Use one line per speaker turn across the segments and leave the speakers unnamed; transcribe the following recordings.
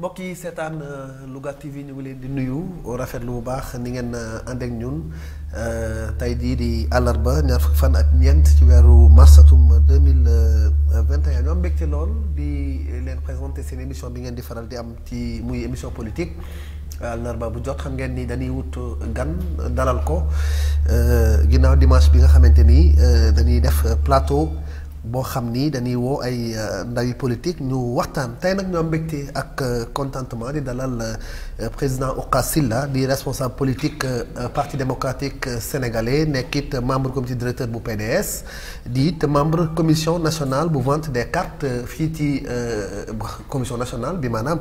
mbokk yi seetaan euh, Louga TV ñu ngi leen di nuyu rafetlu bu baax ni ngeen euh, ak ñun euh, di Alarba ñaar fukki fan ak ñeent ci weeru mars atum deux mille lool di leen présenter seen émission bi ngeen di faral di am ci muy émission politique àllarba bu jot xam ngeen ni dañuy wut gan dalal ko ginnaaw dimanche bi nga xamante ni dañuy def plateau. boo xam dañuy woo ay euh, ndawi politique ñu waxtaan tey nag ñu ak euh, contentement di dalal euh, président Uqa di responsable politique parti démocratique sénégalais nekkit membre comité directeur bu PDS di membre commission nationale bu vente des cartes fii ci bah, commission nationale bi manam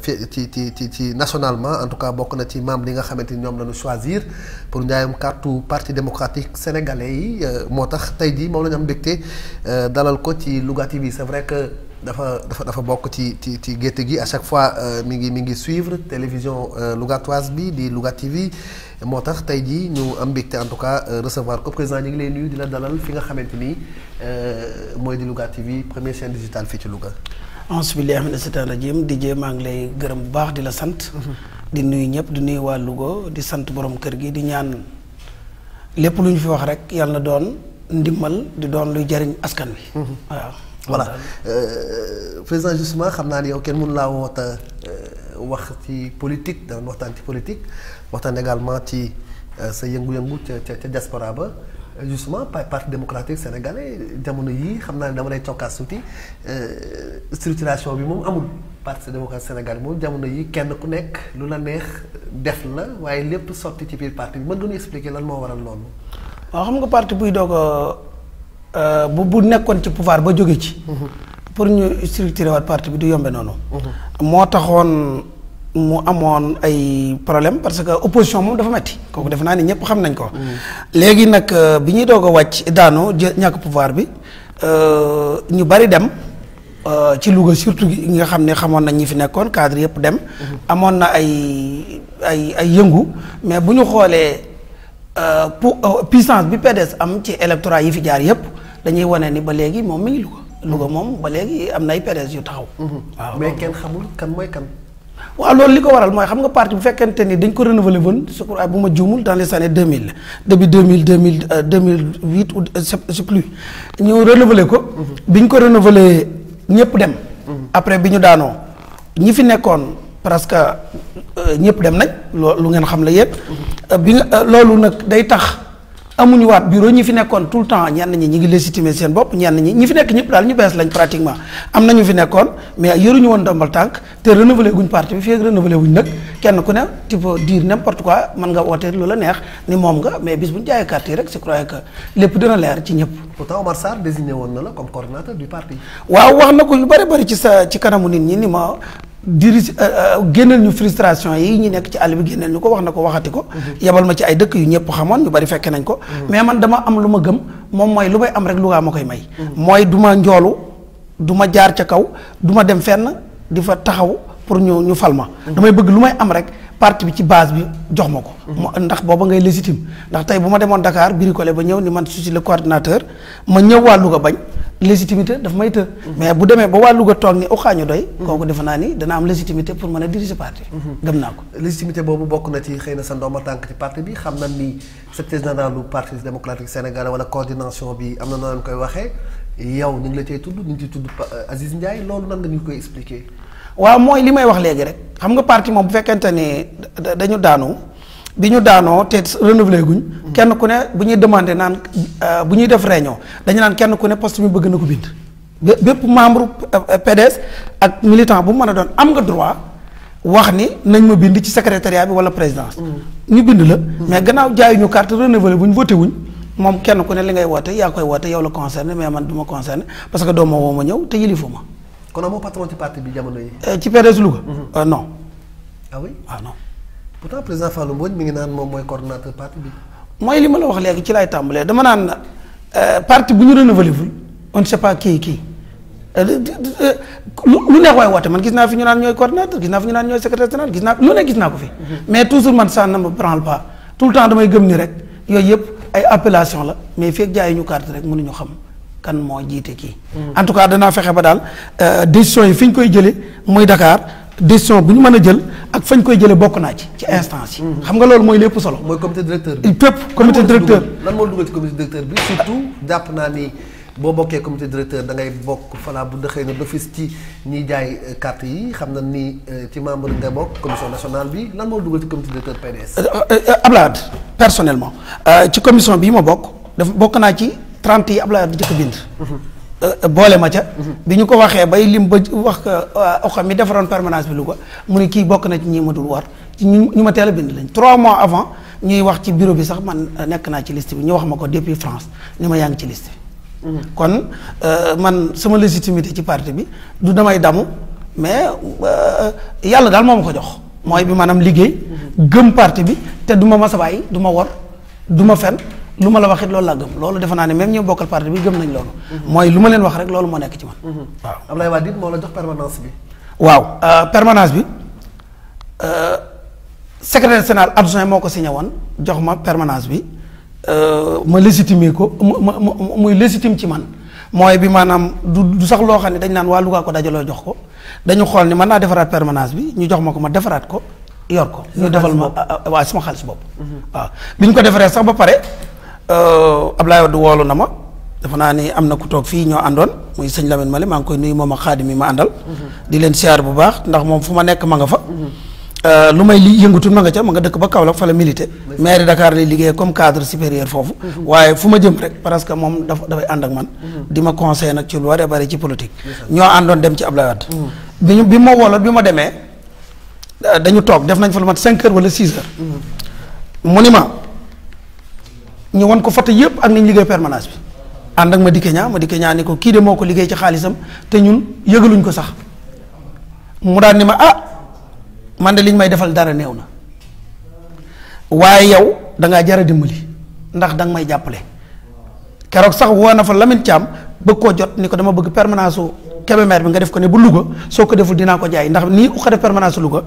fii ci ci nationalement en tout cas bokk na ci membre yi nga xamante ñom lañu choisir pour njaayam carte parti démocratique sénégalais yi motax tay di jii lañu la am euh, dalal ko ci Louga TV c'est vrai que dafa dafa dafa bokk ci ci ci gi à chaque fois euh, mi ngi mi ngi suivre télévision euh, lougatoise bi di Louga TV moo tax tey jii ñu am mbégte en tout cas recevoir ko président ñi ngi lay nuyu dina dalal fi nga xamanteni euh moy di Louga
TV première chaîne digitale fi ci Louga. bismillaahi mina seytaani rajiim di jee maa ngi lay gërëm bu baax di la sante mm-hmm. di nuyu ñep di nuyu wa Louga di sante borom kër gi di ñaan lépp luñ fi wax rek yalla na doon. ndimbal di doon lu jariñ askan wi. Mhm. waaw voilà
euh, président
justement xam naa ne yow kenn mënu laa woota
euh, wax ci politique danañ waxtaan ci politique waxtaan également ci euh, sa yëngu-yëngu ca ca ca diaspora ba. justement par parti démocratique sénégalais jamono yii xam naa ne dama lay cokkaas tuuti structuration bi moom amul parti démocratique sénégalais moom jamono yii kenn ku nekk lu la neex def la waaye lépp sotti ci biir parti bi mën nga ñu expliquer lan moo waral loolu.
waaw xam nga parti buy doog a euh, bu bu nekkoon ci pouvoir ba jóge ci. Mhm. pour ñu structuré waat parti bi du yombe noonu. Mhm. moo taxoon mu amoon ay problème parce que opposition moom dafa metti kooku def naa ni ñëpp xam nañ ko. Mhm. léegi nag euh, bi ñuy doog a wàcc daanu jë ñàkk pouvoir bi euh, ñu bari dem. ci Louga surtout ñi nga xam ne xamoon nañ ñi fi nekkoon cadre yëpp dem. amoon na ay ay ay yëngu mais bu ñu xoolee. Euh, pour euh, puissance bi PDS am ci électorat yi fi jaar yëpp dañuy wane ni ba léegi moom mi ngi Louga. Louga moom ba léegi am na ay PDS yu taxaw. Mhm. waaw mais kenn xamul kan mooy kan. waaw loolu li ko waral mooy xam nga parti bu fekkente ni dañ ko renouveler woon je crois bu ma juumul dans les années 2000 début 2000 2000 2008 ou je euh, sais plus ñu renouveler ko. Mhm. bi ñu ko renouveler ñëpp dem. Mhm. après bi ñu daanoo ñi fi nekkoon presque ñëpp dem nañ lu ngeen xam la yépp euh, bi euh, loolu nag day tax amuñu waat bureau ñi fi nekkoon tout le temps ñenn ñi ñi ngi légitimer seen bopp ñenn ñi ñi fi nekk ñëpp daal ñu bees lañ pratiquement am nañu fi nekkoon mais yëruñu woon ndombal tànk te renouveler guñ parti bi fii ak renouveler wuñ nag kenn ku ne tu peux dire n'importe quoi man nga woote lu la neex ni moom nga mais bis buñ jaayee carte rek rek je crois que lépp dina leer ci ñëpp. pourtant Omar Sarr désigné woon na la comme coordinateur du parti. waaw wax na ko yu bari bari ci sa ci kanamu nit ñi ni ma diri euh, euh, génneel ñu frustration yi ñu nekk ci àll bi génneel ñu ko wax na ko waxati ko. Mhm. yebal ma ci ay dëkk yu ñëpp xamoon ñu bari fekke nañ ko. Mhm. mais man dama am lu ma gëm moom mooy lu may am rek Louga ma koy may. Mhm. mooy du ma njoolu du ma jaar ca kaw du ma dem fenn di fa taxaw pour ñu ñu fal ma. damay bëgg lu may am rek parti bi ci base bi jox ma ko. ndax booba ngay légitime ndax tey bu ma demoon dakaar Dakar bricolé ba ñëw ni man su ci le coordinateur ma ñëw waa Louga bañ. légitimité daf may të. mais bu demee ba waa Louga toog ni uxaañu doy. kooku defe naa ni dana am légitimité pour mën a diriger parti. gëm naa ko. légitimité boobu bokk na ci xëy na sa ndooma tànk ci parti bi xam na ni secrétaire
général du parti démocratique sénégalais wala coordination bi am na noonu koy waxee yow ñu ngi la cay tudd
ñu ngi ciy tudd euh, Aziz Ndiaye loolu nan nga ñu koy expliquer. waaw mooy li may wax léegi rek xam nga parti moom bu fekkente ni dañu daanu. bi ñu daanoo te renouvelé guñ. kenn ku ne bu ñuy demandé naan euh, bu ñuy def réunion dañu naan kenn ku ne poste mi bëgg na ko bind. bépp membre euh, PDS ak militant bu mu mën a doon am nga droit wax ni nañ ma bind ci secrétariat bi wala présidence. Mm. ñu bind la. Mm. mais gannaaw jaayuñu carte renouvelé buñ voté wuñ. moom kenn ku ne li ngay woote yaa koy woote yow la concerné mais man du ma concerné parce que doo ma woo ma ñëw te yilifu ma.
kon amoo patron ci parti bi jamono yi.
Euh, ci PDS Louga. Mm-hmm. non.
ah oui ah non. pourtant président Fallou Mbodj mi ngi naan moom mooy coordonnateur parti bi.
mooy li ma la wax léegi ci laay tàmbalee dama naan euh, parti bu ñu renouvelé wul on ne sait pas kii kii euh, euh, lu neex waay woote man gis naa fi ñu naan ñooy coordonnateur gis naa fi ñu naan ñooy secrétaire général gis naa lu ne gis naa ko fi. Mm-hmm. mais toujours man ça ne me branle pas tout temps damay gëm ni rek yooyu yëpp ay appellation la mais fekk jaay ñu carte rek mënuñu xam. kan moo jiite kii. Mm-hmm. en tout cas danaa fexe ba daal décision yi fi ñu koy jëlee muy Dakar. décision bu ñu mën jël ak fañ koy jëlé bokk naa ci ci instance yi. Mhm. xam nga lool moy lepp solo.
moy comité directeur
bi fépp comité directeur.
lan mo dugal ci comité directeur bi surtout jàpp naa ni bo bokkee comité directeur da ngay bokk fala bu dëxëy na d'office ci ni jaay carte yi xam na ni euh, ci membre nga bokk commission nationale bi lan mo dugal ci comité directeur PDS.
Euh, euh, ablad personnellement ci commission bi ma bokk daf bokk na ci 30 yi ablad di jëkk bind. Mhm. Euh, boole ma ca. bi ñu ko waxee bay lim ba wax euh, oxam mi defaroon permanence bi ko mu ne kii bokk na ci ñi ma dul war ci ñu ñu ma teel a bind lañ trois mois avant ñuy wax ci bureau bi sax man euh, nekk naa ci liste bi ñu wax ma ko depuis France ni ma yaa ngi ci liste bi. Mm-hmm. kon man sama légitimité ci parti bi du damay damu mais yàlla daal moo ma ko jox. mooy bi maanaam liggéey. Mm-hmm. gëm parti bi te du ma mas a du ma wor du ma fen. luma la waxit lolou la gëm lolou defe na ni même ñu bokal parti bi gëm nañ lolou
moy luma leen wax rek
lolou mo nekk ci man mhm. waaw ablay Wade mo la jox permanence bi waaw euh, permanence bi euh, secrétaire général adjoint moko signé won jox ma permanence bi euh, ma légitimer ko muy légitime ci man moy bi manam du sax lo xam dañ nan wa Louga ko dajalo jox ko dañu xol ni man na defaraat permanence bi ñu jox mako ko ma defarat ko yor ko ñu defal ma wa sama xaliss bop mhm. waaw biñ ko defare sax ba pare Euh, Ablaye Wade woolu na ma dafa naa ni am na ku toog fii ñoo àndoon muy sëñ Lamine Mali maa ngi koy nuyu moom ak xaadim yi ma àndal. Mhm. di leen siyaar bu baax ndax moom fu ma nekk ma nga fa. Mhm. Euh, lu may li yëngutul ma nga ca ma nga dëkk ba Kaolack fa la milité. maire Dakar lay liggéey comme cadre supérieur foofu. Mhm. waaye fu ma jëm rek parce moom dafa dafay ànd ak man. di ma conseil nag ci lu war a bari ci politique. ñoo àndoon dem ci Ablaye Wade. bi bi ma woloon bi ma demee euh, dañu toog def nañ fa lu mat cinq heures ma ñu won ko photo yépp ak niñ liggéey permanence bi and ak ma diké ñaa ma diké ñaa ni ko ki dé moko liggéey ci xaalisam té ñun yëgaluñ ko sax mu daal ni ma ah man dé liñ may défal dara néwna waye yow da nga jara dimbali ndax dang may jappalé kérok sax wona fa lamin cham bëgg ko jot ni ko dama bëgg permanence mère bi nga def ko né bu luga soko ko deful dinaa ko jaay ndax ni ko xade permanence luga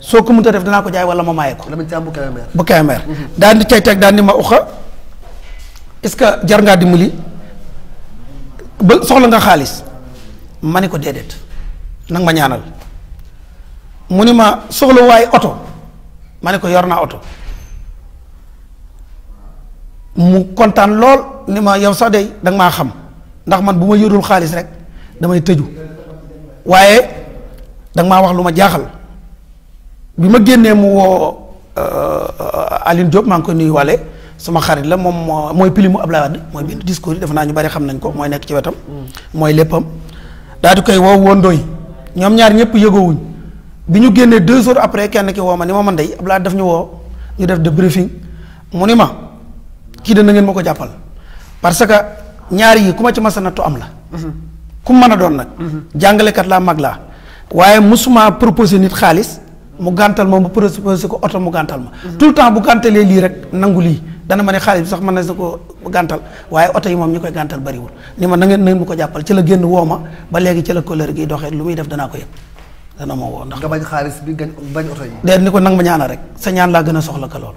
soko mu ta def dina ko jaay wala ma mayé ko bu mère daal di tay tek daal ni ma uxa est ce que jar ngaa dimbali ba soxla nga xaalis ma ko ma ñaanal munima ni ma soxla waay auto, ma ko yor mu kontan lol ni ma yow sa day ma xam ndax man buma yorul xaalis rek damay teju waye da ma wax lu jaxal bima genné mu wo euh Aline Diop mang ko walé suma xarit la moom moo mooy pilimu Ablaye Wade mooy bind discours yi defe naa ñu bari xam nañ ko mooy nekk ci wetam. Mm. mooy léppam daal di koy woo wondooy ñoom ñaar ñëpp yëgoowuñ bi ñu génnee deux heures après kenn ki woo ma ni ma man day Ablaye daf ñu woo ñu def de briefing mu ni ma kii de na ngeen moo ko jàppal parce que ñaar yi ku ma ci masa nattu am la. Mm-hmm. ku mën a doon nag. Mm-hmm. jàngalekat laa mag laa waaye suma proposé nit xaalis. mu gàntal ma mu proposé ko oto mu gàntal ma. tout le temps bu gàntalee lii rek nangu lii dana ma ne xaalis bi sax mën na sa ko gàntal waaye oto yi moom ñu koy gàntal bariwul ni ma na ngeen nañ ko jàppal ci la génn woo ma ba léegi ci la couleur gi doxee lu muy def danaa ko yëg dana ma woo ndax. nga bañ xaalis bi bañ oto yi. déedéet ni ko nang ma ñaana rek sa ñaan laa gën a soxla ka loolu.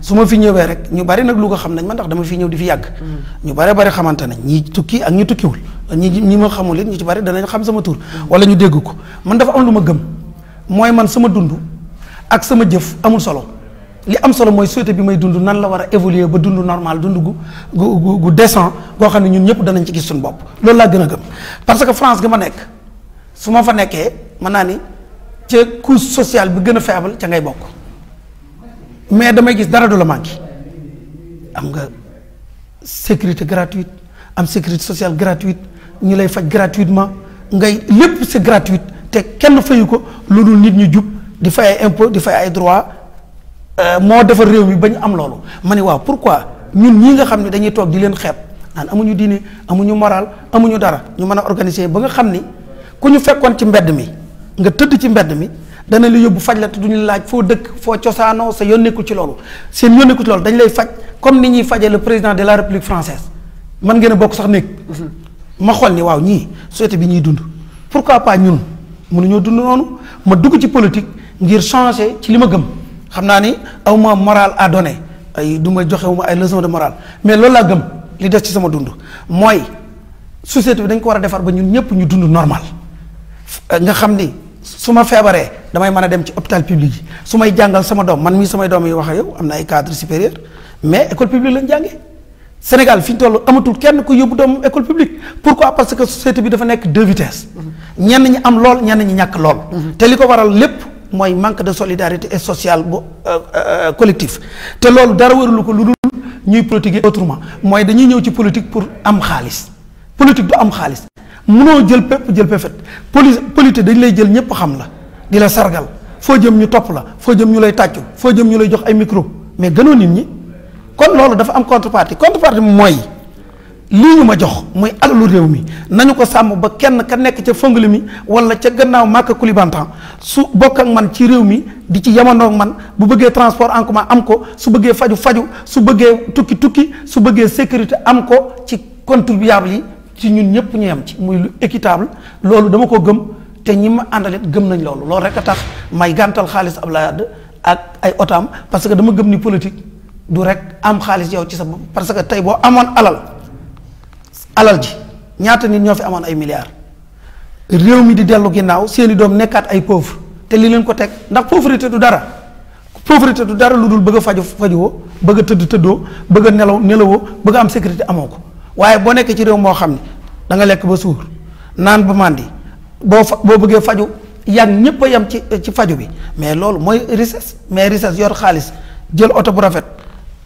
sumo fi ñëwé rek ñu bari nak lu ko xam nañ man tax dama fi ñëw di fi yag mm. ñu bare bari xamante ñi tukki ak ñi wul ñi ñi ma xamul it ñu ci bari danañ xam sama tur mm. wala ñu dégg ko man dafa am luma gëm moy man sama dund ak sama jëf amul solo li am solo moy société bi may dund nan la wara évoluer ba dund normal dund gu gu gu décent goo xam ñun ñëpp danañ ci gis suñu bop loolu la gëna gëm parce que France gi nek suma fa nekké mën naa ni ca couche sociale bi gëna faible ca ngay bokk mais dama gis dara du la manki am nga sécurité gratuite am sécurité sociale gratuite ñu lay faj gratuitement ngay lepp c'est gratuite té kenn fayu ko lu nit ñu jup di fay ay impôt di fay ay droit euh, mo defar rew mi bañ am loolu mané wa pourquoi ñun ñi nga xamni dañuy tok di leen xeeb nan amuñu diiné amuñu moral amuñu dara ñu mëna organiser ba nga xamni ku ñu fekkon ci mbedd mi nga tëdd ci mbedd mi dana la yóbbu faj la te duñu laaj foo dëkk foo cosaanoo sa yoon ci lolu seen yoon nekkul ci loolu dañ lay faj comme ni ñuy fajee le président de la république française man ngeen a bokk sax nek mhm. ma xol ni waaw ñi société bi ñi dund pourquoi pas ñun mënuñoo dund nonu ma dugg ci politique ngir changer ci lima gëm xamna ni aw ma moral à donné ay duma joxé wu ay leçon de moral mais lolu la gëm li def ci sama dund moy société bi dañ ko wara défar ba ñun ñëpp ñu dund normal nga xam ni suma febaré damay mëna dem ci hôpital public sumay jangal sama dom, man mi sumay dom yi wax yow amna ay cadre supérieur mais école publique lañ jangé Sénégal fiñ tollu amatul kenn ku yóbbu dom école publique pourquoi parce que société bi dafa nek deux vitesses. ñen ñi am lool ñen ñi ñak lool. té liko waral lepp moy manque de solidarité et sociale bo euh, euh, collectif té lool dara warulu ko lu ñuy politiquer autrement moy dañuy ñëw ci politique pour am xaalis politique du am xaalis mënoo jël pépp jël pefet police polité dañ lay jël ñëpp xam la di la sargal foo jëm ñu topp la foo jëm ñu lay tàccu foo jëm ñu lay jox ay micro mais gënoo nit ñi kon loolu dafa am contrepartie contrepartie mooy lii ñu ma jox muy alalu réew mi nañu ko sàmm ba kenn ka nekk ca fëngli mi wala ca gannaaw màkk kulibantan su bokk ak man ci réew mi di ci yamandoo man bu bëggee transport en commun am ko su bëggee faju faju su bëggee tukki tukki su bëggee sécurité am ko ci contribuable yi ci ñun ñëpp ñu yam ci muy lu équitable loolu dama ko gëm te ñi ma àndalit gëm nañ loolu loolu rek a tax may gàntal xaalis Abdoulaye ak ay otam parce que dama gëm ni politique du rek am xaalis yow ci sa bopp parce que tey boo amoon alal alal ji ñaata nit ñoo fi amoon ay milliards réew mi di dellu ginnaaw seeni doom nekkaat ay pauvre te li leen ko teg ndax pauvreté du dara pauvreté du dara lu dul bëgg a faju fajoo bëgg a tëdd tëddoo bëgg a nelaw nelawoo bëgg a am sécurité amoo ko waaye boo nekkee ci réew moo xam ne danga nga lekk ba suur naan ba màndi boo fa boo bëggee faju yàgg ñëpp a yem ci ci faju bi mais loolu mooy richesse mais richesse yor xaalis jël oto bu rafet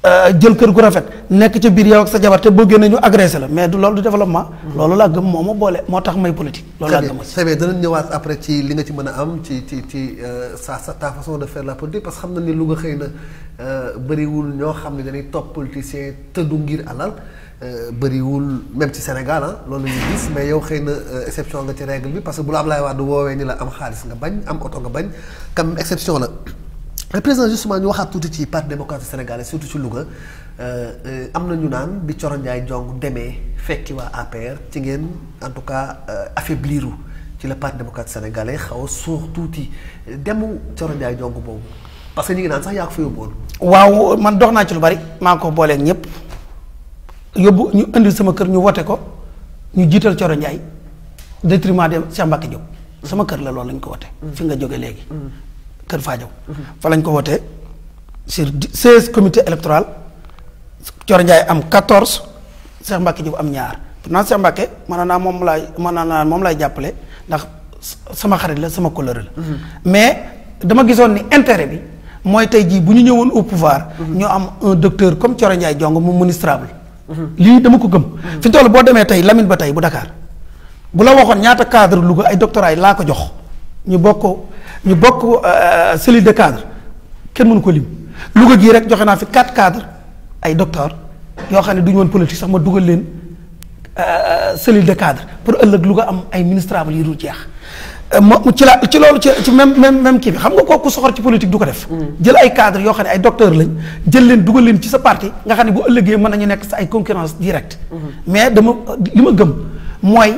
euh, jël kër gu rafet nekk ci biir yow ak sa jabar te bëggee nañu agressé la mais du loolu du développement. Mm-hmm. loolu laa gëm moo ma boole moo tax may politique. loolu laa gëm aussi ñëwaat
après ci li nga ci mën a am ci ci ci euh, sa sa ta façon de la politique parce xam na ni lu nga xëy na euh, bëriwul ñoo xam ne dañuy topp politicien tëddu ngir alal. bariwul même ci Sénégal hein ah, loolu ñu gis mais yow xeyna euh, exception nga ci règle bi parce que bu la ablay wad woowee ni la am xaliss nga bañ am auto nga bañ quand exception la le président justement ñu waxaat tout ci parti démocratique sénégalais surtout ci Louga euh, euh, am amna ñu naan bi choro Ndiaye Jong démé fekki wa APR ci ngeen en tout cas affaibliru ci le parti démocratique sénégalais xaw surtout suux tuuti demu Coro Ndiaye Jong bobu parce que ñi ngi naan sax
yaak fuyu fa waaw man doxna ci lu bari mako bolé booleeg yóbbu ñu indi sama kër ñu wote ko ñu jiital Coro Ndiaye détriment de Cheikh Mbacke Diop sama kër la lool lañ ko wote fi nga jóge léegi kër Fadiaw fa lañ ko wote sur seize comité électoral Coro Ndiaye am quatorze Cheikh Mbacke Diop am ñaar pourtant Cheikh Mbacke mën naa moom laay mën naa moom laay jàppale ndax sama xarit la sama couleur la mais dama gisoon ni intérêt bi mooy tey jii bu ñu ñëwoon au pouvoir ñu am un docteur comme Coro Ndiaye Diong mu ministrable lii dama ko gëm. fi toll boo demee tey Lamine ba tey bu dakaar bu la waxoon ñaata cadre Louga ay doctorat laa ko jox ñu bokk ñu bokk euh, cellule de cadre kenn mënu ko lim Louga gii rek joxe naa fi quatre cadre ay docteur yoo xam ne du ñu woon politique sax ma dugal leen euh, cellule de cadre pour ëllëg Louga am ay ministrables yi dul jeex. Euh, mu ci la ci loolu ci ci même même même kii bi xam nga koo kooku soxor ci politique du ko def. Hmm. jël ay cadre yoo xam ne ay docteur lañ jël leen dugal leen ci sa parti nga xam ne bu ëllëgee mën nañu nekk sa ay concurrence directe. Hmm. mais dama li ma gëm mooy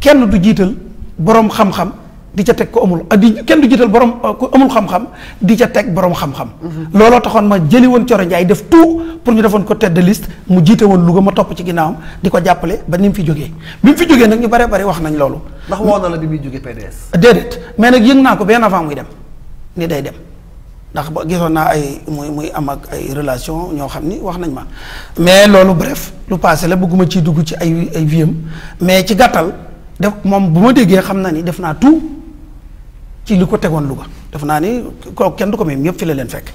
kenn du jiital boroom xam-xam. di ca tek ko amul ah, di kenn du jital borom ah, ko amul xam-xam di ca tek borom xam-xam mm-hmm. lolo taxone ma jeli won cioro Ndiaye def tout pour ñu defoon ko tête liste mu jiite won Louga ma top ci ginnaawam di jappalé ba nim fi joggé bim fi joggé nak ñu bare bare wax nañ loolu ndax woo na la bi mi joggé PDS dedet mais nak yeng naa ko avant muy dem ni day dem ndax ba gisson na ay muy muy am ak ay relation ño xamni wax nañ ma mais loolu bref lu passé la bëgguma ci dugg ci ay ay vieum mais ci gatal def mom buma déggé xamna ni def na tout ci li ko tegoon Louga def naa ni kooku kenn du ko moom yëpp fi la leen fekk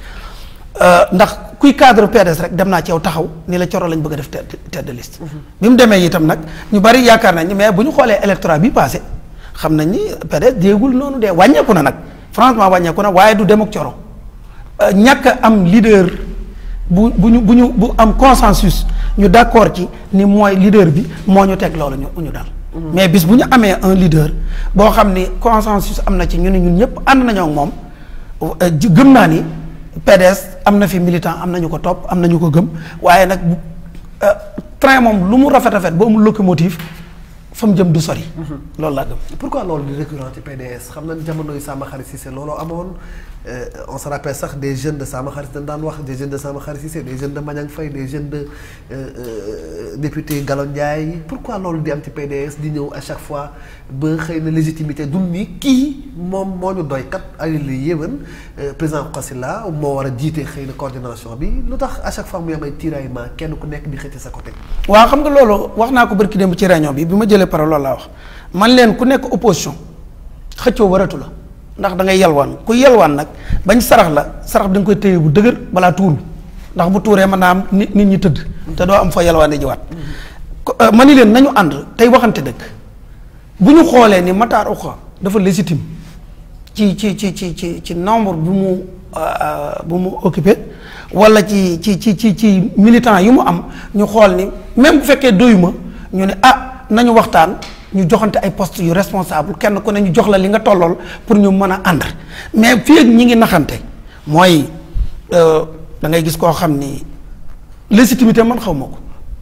euh, ndax kuy cadre PDS rek dem naa ci yow taxaw ni la coro lañ bëgg a def tête de liste. Mhm. bi mu demee itam nag ñu bari yaakaar nañ mais bu ñu xoolee électorat bi passé xam nañ ni PDS déegul noonu de wàññeeku na nag franchement wàññeeku na waaye du dem ak coro euh, ñàkk am leader bu bu ñu bu ñu bu am consensus ñu d'accord ci ni mooy leader bi moo ñu teg loolu ñu ñu daal. mais bis bu ñu amee un leader boo xam ni consensus am na ci ñu ne ñun ñëpp ànd nañoo ak moom gëm naa ni PDS am na fi militant am nañu ko topp am na ñu ko gëm waaye nag euh, train moom lu mu rafet rafet ba mu locomotive fa mu jëm du sori. Mm-hmm. loolu laa
gëm. pourquoi loolu di récurrent ci PDS xam na jamonoy Samba si Cissé looloo amoon Euh, on se rappelle sax des jeunes de Sama Xarit dañ wax des jeunes de Sama Xarit Cissé des jeunes de Maniang Faye des jeunes de euh, euh député Gallo Ndiaye pourquoi loolu di am ci PDS di ñëw à chaque fois ba xëy na légitimité dun ni kii moom moo ñu doy kat Alioune Yéwén euh, président Kassila moo war a jiite xëy coordination bi lutax à chaque fois mu yamay ay tiraillement kenn ku nekk di xété
sa côté. wa xam nga loolu waxna ko barki dem ci réunion bi bima ma parole loolu laa wax man len ku nekk opposition xëccoo waratu la. ndax da ngay yalwan ku yalwan nak bañ sarax la sarax dang koy téye bu dëgër bala tour ndax bu touré man am nit nanyu ñi teud te do am fa yalwané ji wat euh, ni len nañu and tay waxante dëgg bu ñu xoolee ni matar ukha dafa légitime ci ci ci ci ci ci nombre bu mu euh, bu mu occuper wala ci ci ci ci ci militant yu mu am ñu xol ni même bu fekkee doyuma ñu ni ah nañu waxtaan ñu joxante ay poste yu responsable kenn ko ne ñu jox la li nga tollool pour ñu mën a ànd mais fii ak ñi ngi naxante mooy euh, da ngay gis koo xam ni légitimité man xaw ma ko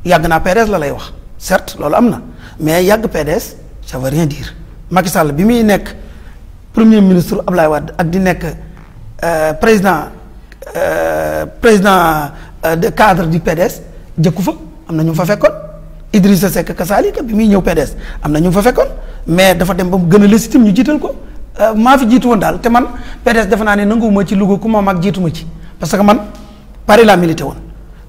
yàgg naa PDS la lay wax certes loolu am na mais yàgg PDS ça diir rien dire Sall bi muy nekk premier ministre Ablaye Wade ak di nekk euh, président euh, président de cadre du PDS jëkku fa am na ñu fa fekkoon. Idrissa Seck kasaalika bi muy ñëw PDS am na ñu fa fekkoon mais dafa dem ba mu gën a légitime ñu jiital ko euh, maa fi jiitu woon daal te man PDS defe naa ne nanguwuma ci Louga ku ma mag jiitu ci parce que man Paris la milité woon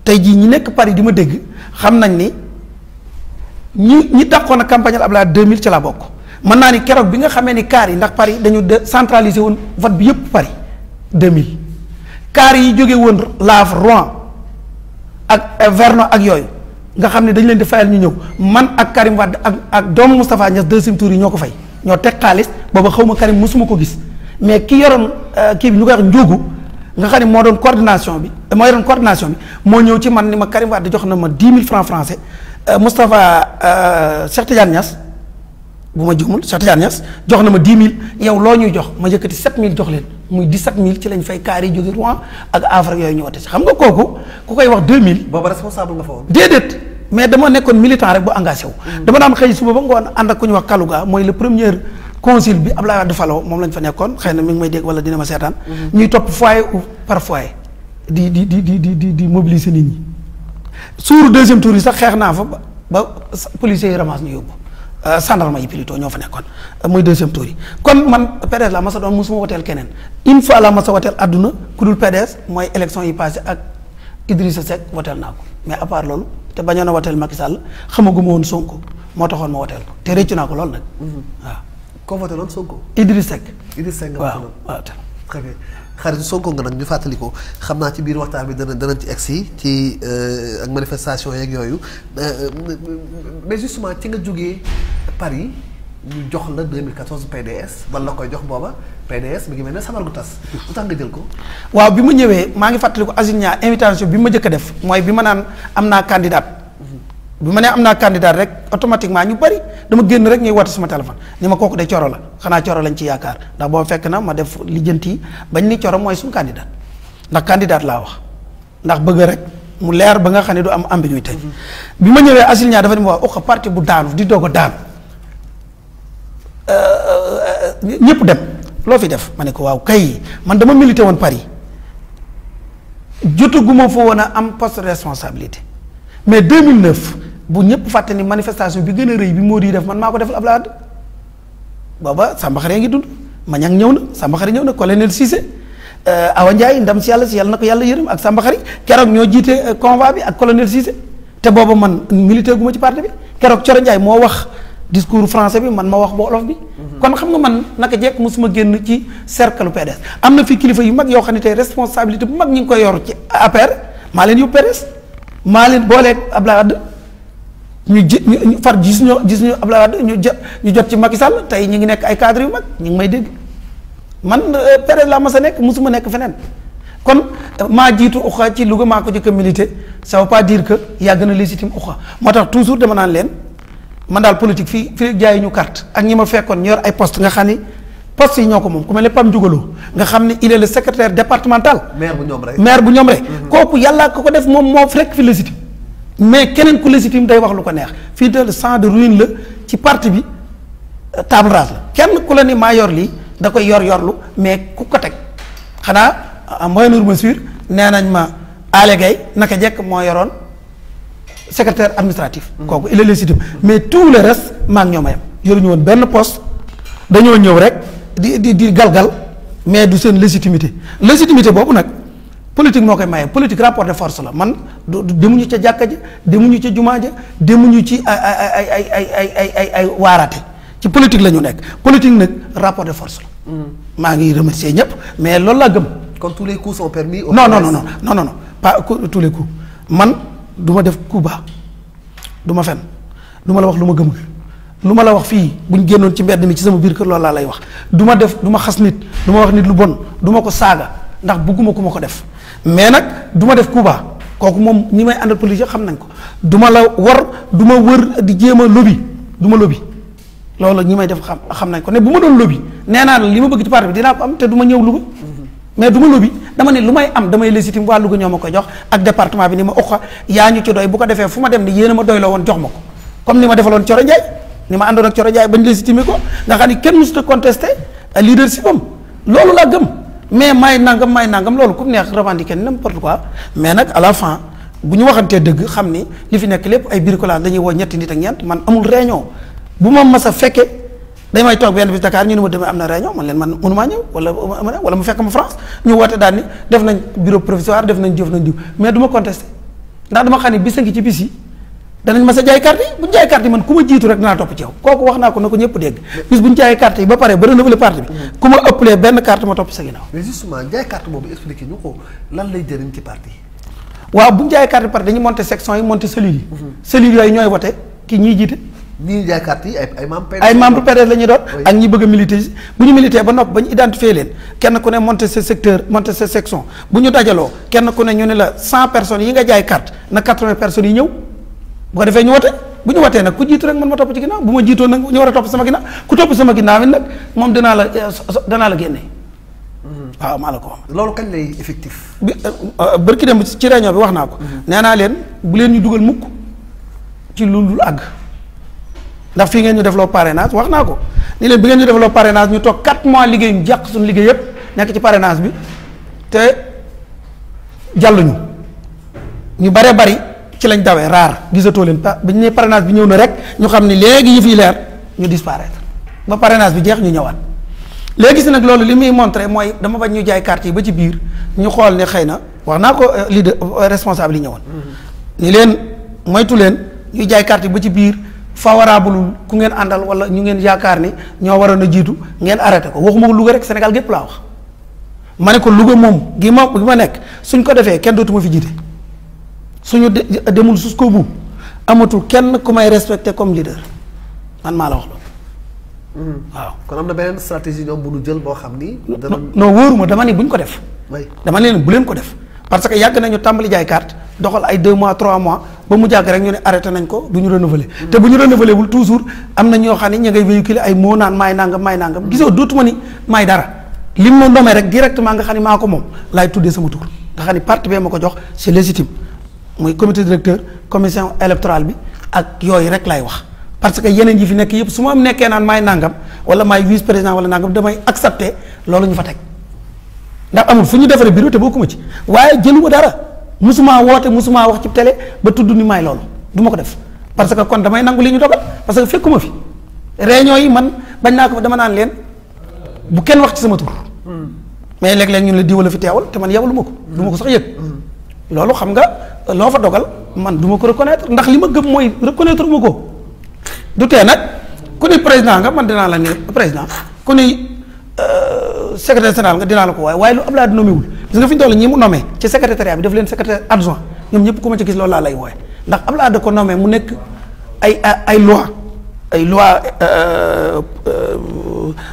tey jii ñi nekk Paris di ma dégg xam nañ ni ñi ñi dàqoon a campagne deux mille ci laa bokk mën naa ni keroog bi nga xamee ni kaar yi ndax Paris dañu centraliser woon vote bi yëpp Paris 2000 kaar yi jóge woon Lave Rouen ak Vernon ak yooyu. nga xam ne dañ leen di fayal ñu ñëw man ak Karim Wade ak ak doomu Moustapha Niass deuxième tour yi ñoo ko fay ñoo teg xaalis booba xaw ma Karim mosuma ko gis mais ki yoroon euh, kii bi ñu koy wax njóogu nga xam ne moo doon coordination bi moo yoroon coordination bi moo ñëw ci man ni ma Karim Wade jox na ma 10 000 francs français euh, Moustapha euh, Cheikh Tidiane bu ma jumul Cheikh Tidiane jox na ma 10000 yow loo ñuy jox ma yëkkati 7000 jox leen muy 17000 ci lañ fay kaar yi jóge Rouen ak Afrique yooyu ñu wote ci xam nga kooku ku koy wax 2000. booba responsable nga fa Dedet, déedéet mais dama nekkoon militant rek bu engagé wu. Hmm. dama daan xëy suba ba ngoon ànd ak ku ñu wax Kaluga mooy le premier consul bi Ablaye Wade Falo moom lañ fa nekkoon xëy mi ngi may dégg wala dina ma hmm. ñuy foyer ou par foyer di di di di di di mobiliser nit ñi. suur deuxième tour yi sax xeex naa fa ba ba policiers yi ramasse ñu Euh, gendarme yi plutôt ñoo fa nekkoon muy deuxième tour yi kon man PDS la masa doon musuma woteel keneen une fois la masa woteel àdduna ku dul PDS mooy élection yi passé ak Idrissa Seck woteel naa ko mais à part loolu te bañoon a woteel Macky Sall xamaguma woon Sonko moo taxoon ma woteel ko te réccu naa ko lool nag
mm-hmm. waaw. koo voté loon Sonko. Idrissa Seck. Idrissa Seck nga voté loon waaw xaritu ko nga nag ñu fàttali ko xam naa ci biir waxtaan bi dana dana ci egsi ci euh, ak manifestation yeeg yooyu euh, mais justement ci nga jógee Paris ñu jox la
2014 PDS wala la koy jox booba PDS mi ngi mel ne sabar gu tas lu tax nga jël ko. waaw bi ma ñëwee maa ngi fàttali ko Aziz Niang invitation bi ma njëkk a def mooy bi ma naan am naa candidat. bu mané amna candidat rek automatiquement ñu bari dama genn rek ñuy woote sama téléphone ni ma koku de cioro la xana cioro lañ ci yaakaar ndax bo fekk na ma def lijeenti bañ ni cioro moy sun candidat ndax candidat la wax ndax bëgg rek mu leer ba nga xam du am ambiguïté mhm. bi ma ñëwé asil ñaa dafa ni ma wax uqa parti bu daanu di dogo a euh ñepp dem lo fi def mané ko waaw kay man dama milité won Paris jotaguma guma fo a am poste responsabilité mais 2009 bu ñepp faté ni manifestation bi gëna reuy bi modi def man mako ko ablad baba sama xare ngi dund ma ñang ñew na sama xare ñew na colonel Cissé euh awa ndjay ndam ci yalla ci yalla nako yalla yàlla ak sama xari kérok ño jité euh, convoi bi ak colonel Cissé té bobu man militaire guma ci parti bi kérok Coro ndjay mo wax discours français bi man ma wax bolof bi mhm. kon xam nga man naka jek musuma genn ci cercle PDS amna fi kilifa yu mag yo xani ne responsabilité bu mag ñing ngi koy yor ci APR maa leen yu PDS maa leen booleeg Abdoulaye ñu far gis ñu gis ñu Abdoulaye Wade ñu jot ñu jot ci Macky Sall tey ngi nekk ay cadre yu mag ñu ngi may dégg man euh, période laa mas a nekk musuma nekk feneen kon maa jiitu uxa ci Louga maa ko jëkk a ça veut pas dire que yaa gën a légitime uxa moo tax toujours dama naan leen man daal politique fi fi jaay ñu carte ak ñi ma fekkoon ñor ay poste nga xam poste yi ñoo ku mel Pam Jugaloo nga xam il est le secrétaire départemental.
maire bu ñoom rek maire
bu ñoom rek. Mm-hmm. kooku yàlla ko ko def moom moo fekk fi mais kenen ku légitime day wax lu ko neex fi de champ de ruine le ci parti bi euh, table rase la kenn ku la ni maa yor lii da koy yor yorlu mais ku ko tek xana en moindre mesure nee nañ ma Aly Gaye naka jek mo yoron secrétaire administratif. Mm. koku il est légitime mais tout le reste ma ngi ñoom a yem yoruñu woon poste dañoo ñew rek di di galgal mais du sen légitimité légitimité boobu nak politique moo koy maye politique rapport de force la man demuñu ci jàkka ja demuñu ci jumaa ja demuñu ci ay ay ay ay ay ay ay warate ci politique la nek politique nak rapport de force la hmm. ma ngi remercier ñep mais lool la gëm comme tous les
coups sont permis non non non non non
non pas tous les coups man duma def coup ba duma fen duma la wax luma ma gëm lu la wax fi buñu génnoon ci mbedd mi ci sama biir kër lool la lay wax duma def duma xass nit duma wax nit lu bon duma ko saga ndax bëgguma ku ma ko def mais nak duma def kuba koku mom ñi may andal police xam nañ ko duma la war duma wër di jema lobby duma lobby loolu ñi may def xam xam nañ ko ne buma doon lobby nee naa la lima bëgg ci parti bi dina am te duma ñëw lugu, mais duma lobby dama ne lumay am damay légitime walu gu ñoma ko jox ak département bi ni ma oxa yaa ñu ci doy bu ko defee fuma dem ni yéen a ma doyloo won jox mako comme ni ma defaloon cioro Ndiaye ni ma andon ak cioro Ndiaye bañ légitime ko nga xani kenn musta contester leadership am loolu la gëm mais may nangam may nangam loolu ku neex revendiquer n'importe quoi mais nag à la fin bu ñu waxantee dëgg xam ni li fi nekk lépp ay bricolage dañuy woo ñetti nit ak ñeent man amul réunion bu ma mas fekkee dañ may toog benn bis Dakar ñu ne ma demee am na réunion man leen man mënumaa ñëw wala wala mu fekk ma France ñu woote daal def nañ bureau provisoire def nañ jëf nañ diw mais du ma contesté ndax dama xam ne bis ngi ci bis yi. danañ ma sa jaay carte yi bu ñu jaay carte yi man ku ma jiitu rek danaa topp ci yow kooku wax naa ko na ko ñëpp dégg bis bu ñu jaayee carte yi ba pare ba renouveler parti bi ku ma ëppalee benn carte ma topp sa ginnaaw mais justement jaay carte boobu expliqué yi pare section yi monter cellules yi mhm. cellules yooyu ñooy wote ki ñiy jiite ay ay membres ay membres PDS ak ñi bëgg militer bu ñu militer ba nopp ba ñu identifier leen kenn ku ne monter sa secteur monter section bu ñu dajaloo kenn ku ne ñu ne la cent personnes yi nga jaay carte na quatre-vingts personnes bu defee ñu wote bu ñu watee nag ku jiitu rek man ma topp ci ginnaaw bu ma jiitoon nag ñu war a topp sama ginnaaw ku topp sama ginnaaw it nag moom danaa la eh, danaa la génne. Mm-hmm. waaw maa la ko wax. loolu kañ lay effectif. bi eh, euh, bërki dem ci réunion bi wax naa ko. Mm-hmm. nee naa leen bu leen ñu dugal mukk ci lu dul àgg. ndax fii ngeen ñu defloo parrainage wax naa ko ni leen bi ngeen ñu defloo parrainage ñu toog 4 mois liggéey ñu jàq suñu liggéey yëpp nekk ci parrainage bi te jàlluñu bari. ci lañ dawé rar gisatoo leen biñ ne parrainage bi ñëw na rek ñu xamni ni léegi yëf yi ñu disparaître ba parrainage bi jeex ñu ñëwaat légui ci nak loolu limi muy montré dama bañ ñu jaay carte yi ba ci biir ñu xol ni xeyna wax ko euh, leader euh, responsable yi wan. Mm-hmm. ni len moytu len ñu jaay carte yi ba ci biir favorable ku ngeen andal wala ñu ngeen yaakar ni ñoo wara na jitu ngeen arrêté ko waxuma lu rek Sénégal gep la wax mané ko Louga mom gi ma gi ma nekk suñ ko defee kenn dootuma fi jité suñu demul jusqu'au bout amatu kenn ku may respecté comme leader man maa la wax loolu. Mm-hmm. waaw kon am na beneen stratégie ñoom bu ñu jël boo xam ni. dana non wóoruma dama ni buñ ko def. dama leen bu leen ko def. parce que yàgg nañu tàmbali jaay carte doxal ay 2 mois 3 mois ba mu jàgg rek ñu ne arrêté nañ ko du ñu renouveler. Mm-hmm. te bu ñu renouveler wul toujours am na ñoo xam ne ñu ngay véhiculer ay moo naan maay nangam maay nangam mm-hmm. gisoo dootuma ni maay dara lim ma rek directement nga xam ne maa ko moom laay tuddee sama tur nga ko jox c'est moy comité directeur commission électorale bi ak yoy rek lay wax parce que yeneen yi fi nek yep suma am nekké nan may nangam wala may vice président wala nangam damay accepter lolu ñu fa tek ndax amul fuñu ñu defaree bureau te bokkuma ci waye jëluma dara musuma woté musuma wax ci télé ba tuddu ni may lolu duma ko def parce que kon damay nangul li ñu dogal parce que fekkuma fi réunion yi man bañ na ko dama nan len bu kenn wax ci sama tour hmm. mais lék lék ñu la diwol fi teewal té man yewaluma mako duma ko sax yëg loolu xam nga loo fa dogal man du ma ko reconnaître ndax li ma gëm mooy reconnaître uma ko du tee nag ku ni président nga man dinaa la ne président ku ni euh, secrétaire général nga dinaa la ko waaye waaye lu Abdoulaye nomewul gis nga fi ñu toll ñi mu nome ci secrétariat bi daf leen secrétaire adjoint ñoom ñëpp ku ma ci gis loolu laa lay wooye ndax Abdoulaye da ko nommé mu nekk ay ay ay loi euh, euh,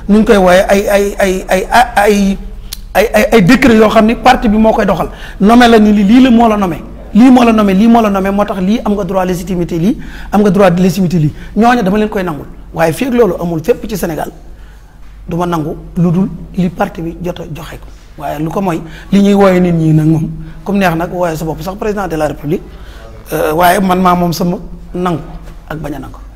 nu koy wooye ay ay ay ay ay ay ay ay décret yo xamni parti bi mo koy doxal nomé la ni li lii mo la nomé li mo la nomé li mo la nomé motax li am nga droit légitimité li am nga droit légitimité li ñoña dama leen koy nangul waye fi ak lolu amul fépp ci Sénégal duma nangu lu li parti bi jotta joxé ko waye luko moy li ñuy woyé nit ñi nak mom comme neex nak woyé sa bop sax président de la république euh, waye man ma mom sama nang ak baña a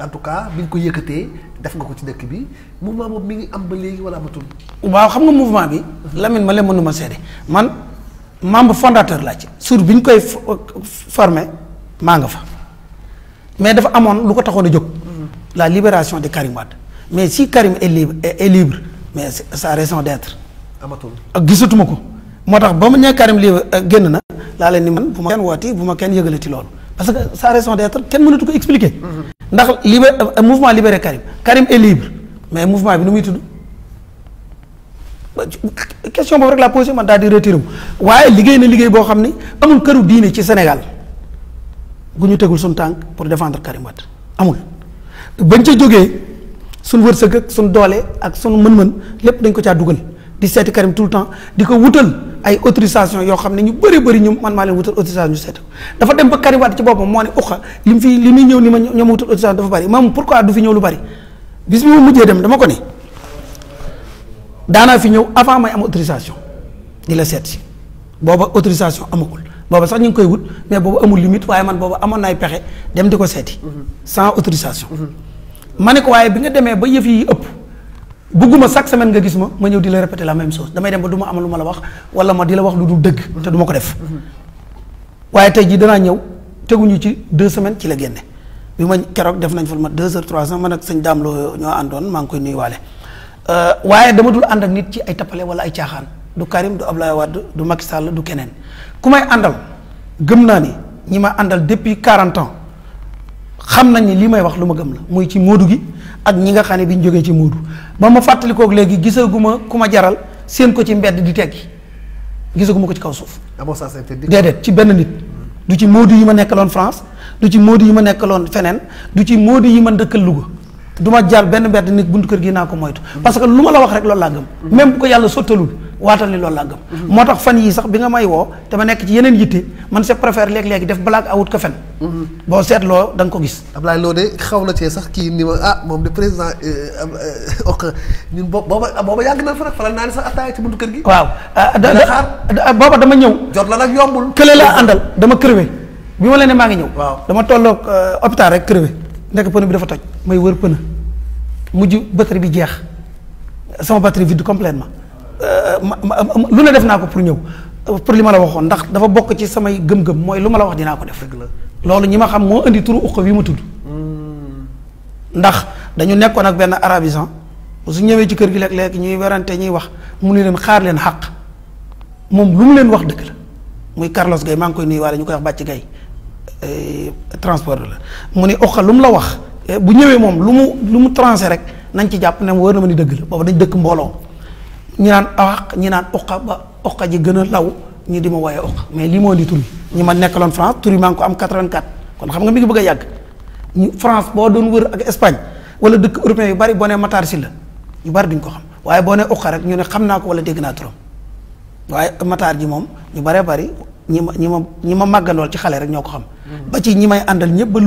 en tout cas bi ñu ko
yëkkatee def nga ko ci dëkk bi mouvement boobu mi ngi am ba léegi wala amatul. waaw xam nga mouvement bi. Mhm. Lamine ma leen mënuma seede man membre fondateur laa suur bi ñu koy euh, formé maa nga fa mais dafa amoon lu ko taxoon a jóg. Mhm. la libération de Karim Wade mais si Karim est libre est libre mais sa raison d'être. amatul ak gisatuma ko. moo tax ba mu ne Karim libre euh, génn na laa leen ni man bu ma kenn wooti bu ma kenn yëgalati loolu parce que sa raison d'être kenn mënatu ko expliquer. Mhm. ndax libéré euh, mouvement libéré Karim Karim est libre mais mouvement bi nu muy tudd question boobu rek la posé man daal di retiré waaye liggéey na liggéey boo xam ni amul këru diine ci Sénégal gu ñu tegul suñu tànk pour défendre Karim Wade amul bañ ca jógee suñ sa ak suñ doole ak suñ mën-mën lépp dañ ko caa dugal di seeti Karim tout le temps di ko wutal ay autorisation yoo xam ne ñu bëri bëri ñu man maa leen wutal autorisation ñu seet dafa dem ba Karim Wade ci boppam moo ne uqa li fi li muy ñëw ni ma ñoom wutal autorisation dafa bëri maam pourquoi du fi am autorisation di la seet booba autorisation amagul booba sax ñu ngi koy wut mais booba amul limite waaye man booba amoon naay pexe dem di ko seeti mhm. sans autorisation mhm. ma waaye bi nga demee ba yëf yi ëpp bugguma chaque semaine nga gis ma ma ñëw di la répéter la même chose damay dem ba du ma lu ma la wax wala ma di la wax lu dul dëgg. te du ma ko def. waaye tey jii danaa ñëw teguñu ci deux semaines ci la génne bi ma keroog def nañ fa ma deux heures trois heures man ak sëñ Dame Lo ñoo àndoon maa ngi koy nuyuwaale. Euh, waaye dama dul ànd ak nit ci ay tappale wala ay caaxaan du Karim du Abdoulaye Wade du Macky Sall du keneen ku may àndal gëm naa ni ñi ma àndal depuis 40 xam nañ ni li may wax lu ma gëm la muy ci moodu gi ak ñi nga xam ne bi ñu jógee ci moodu ba ma fàttalikook léegi gisaguma ku ma jaral seen ko ci mbedd di teggi gisaguma ko ci kaw suuf. Ah déedéet ci benn nit. du ci moodu yi ma nekkaloon France du ci moodu yi ma nekkaloon feneen du ci moodu yi ma dëkkal Louga du ma jaar benn mbedd nit buntu kër gi naa ko moytu. Mm. parce que lu ma la wax rek loolu laa gëm. Mm. même bu ko yàlla sottalul. waatal ni loolu laa mhm. moo tax fan yii sax bi nga may woo te ma nekk ci yeneen yitte man c'est préfère léeg-léegi def blague awut ko fen mhm. boo seetloo da nga ko gis. Ablaye Lo de xaw na cee sax kii ni ah,
moom de président euh, euh, ok ñun booba ah, booba yàgg na fa nag faral naa ne sax attaaya ci buntu kër gi.
waaw ah, da booba dama ñëw. jot la nag yombul. këlee la àndal dama crevé bi ma la ne maa ngi ñëw. waaw dama tolloog euh, hôpital rek crevé nekk pneu bi dafa toj. may wër pneu mujj batterie bi jeex sama batterie vide complètement lu ne def nako pour ñew pour li ma la waxoon ndax dafa bok ci samay gëm-gëm moy lu ma la wax dina ko def rek la lolu ñima xam mo andi turu uqa wi ma tudd hmm. ndax dañu nekkon ak ben arabisan su ñewé ci kër gi lek lek ñuy werante ñuy wax mu ñu leen xaar leen haq mom lu mu leen wax deug la muy Carlos Gay ma ngi koy nuyuwaale wala ñukoy wax bacci gay eh, transport la mu ni uqa lu mu la wax eh, bu ñewé mom lu mu lu mu transé rek nañ ci japp ne wër ma ni la bobu dañ dëkk mbolo ñi naan awaq ñi naan uqa ba uqa ji gën a law ñi di ma wooyee uqa mais lii moo di tur ñi ma nekkaloon France tur yi maa ngi ko am 84 kon xam nga mi ngi bëgg a yàgg ñu France boo doon wër ak Espagne wala dëkk européen yu bari boo nee Matar Sylla ñu bari duñ ko xam waaye boo nee uqa rek ñu ne xam naa ko wala dégg naa turam waaye Matar ji moom ñu baree bari ñi ma ñi ma ñi ma màggalool ci xale rek ñoo ko xam. Mm-hmm. ba ci ñi may àndal ñëpp ba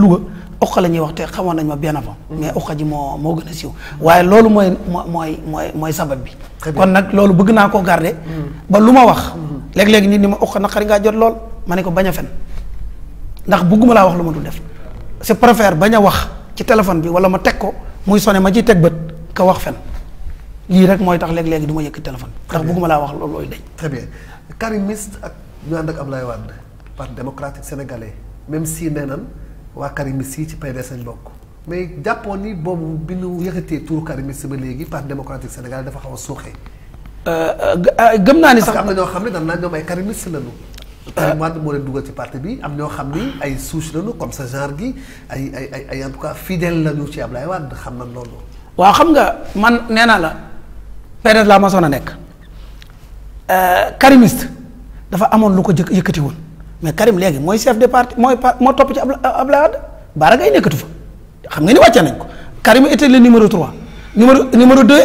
la ma bien avant. mais ji mo mo gëna siw waye loolu moy moy moy sabab bi. kon nak loolu bëgg garder. Mm. ba luma wax. lég mm-hmm. lég nit ma nga jot lool mané ko fen ndax bëgguma wax préfère téléphone bi wala ma tek ko muy soné ma wax fen li rek moy tax du téléphone. ndax bëgguma la wax
très bien ak ñu démocratique sénégalais même si waa karimis yi ci PDS lañ bokk mais jàppoon ni boobu bi ñu yëkkatee tuuru karimis ba léegi parti démocratique Sénégal dafa xaw a suuxee. Euh, euh, gëm naa ni sax am na ñoo xam ne dañ naa ñoom ay karimis lañu. Euh, Karim Wade moo leen dugal ci parti bi am ñoo xam ni ay souche lañu comme sa genre gi ay ay en tout cas fidèle lañu ci Ablaye Wade xam na
loolu. waaw xam nga man nee naa la PDS laa ma a nekk karimiste dafa amoon lu ko jëkk yëkkati mais Karim léegi mooy chef de parti mooy pa moo topp ci Abdoulaye Wade Bara Gaye nekkatu fa xam nga ni wàcce nañ ko Karim était le numéro 3 numéro numéro 2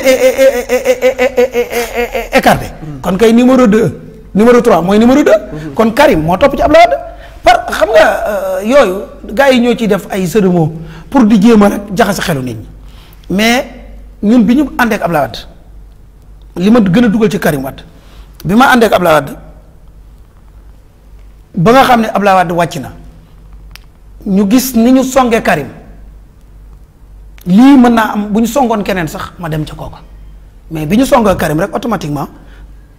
écarté. kon kay numéro 2 numéro 3 mooy numéro 2. kon Karim moo topp ci Abdoulaye Wade par xam nga yooyu gars yi ñoo ciy def ay sëdëmoo pour di jéem a rek jaxase xelu nit ñi mais ñun bi ñu àndee ak Abdoulaye Wade li ma gën a dugal ci Karim Wade bi ma àndee ak Abdoulaye Wade ba nga xamne ne Abdoulaye Wade na ñu gis ni ñu songé Karim Li mën naa am buñu songon songoon keneen sax ma dem ci koko mais biñu Karim rek automatiquement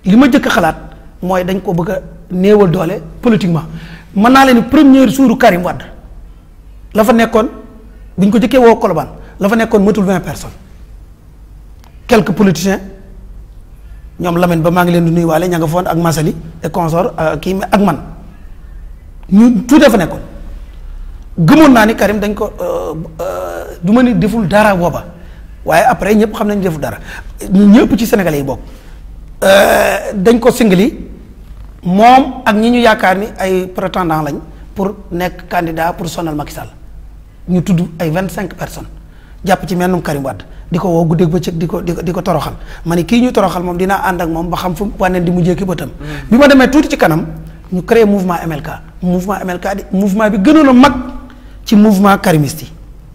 li ma jëk xalaat moy dañ ko bëgg neewal doole politiquement man na leen premier souru Karim wad. la fa nekkon buñ ñu ko jëkkee woo Colobane la fa nekkon matul 20 personnes quelques politiciens ñom Lamine ba ma ngi leen di ak Masali et consort euh, ak man ñu tuuti fa nekkoon gëmoon naa ni Karim dañ ko euh, euh, du ma ni deful dara booba waaye après ñëpp xam nañ deful dara ñëpp ci sénégalais yi bokk euh, dañ ko singali moom ak ñi ñu yaakaar ni ay prétendant lañ pour nekk candidat pour sonal Macky Sall ñu tudd ay vingt cinq personnes jàpp ci mennum Karim Wade di ko woo guddeeg bëccëg di ko di ko di ko toroxal ma kii ñu toroxal moom dinaa ànd ak moom ba xam fu waneen di mujjee ki bëtam mm. bi ma demee tuuti ci kanam ñu créé mouvement MLK. mouvement MLK di mouvement bi gënoon a mag ci mouvement karimiste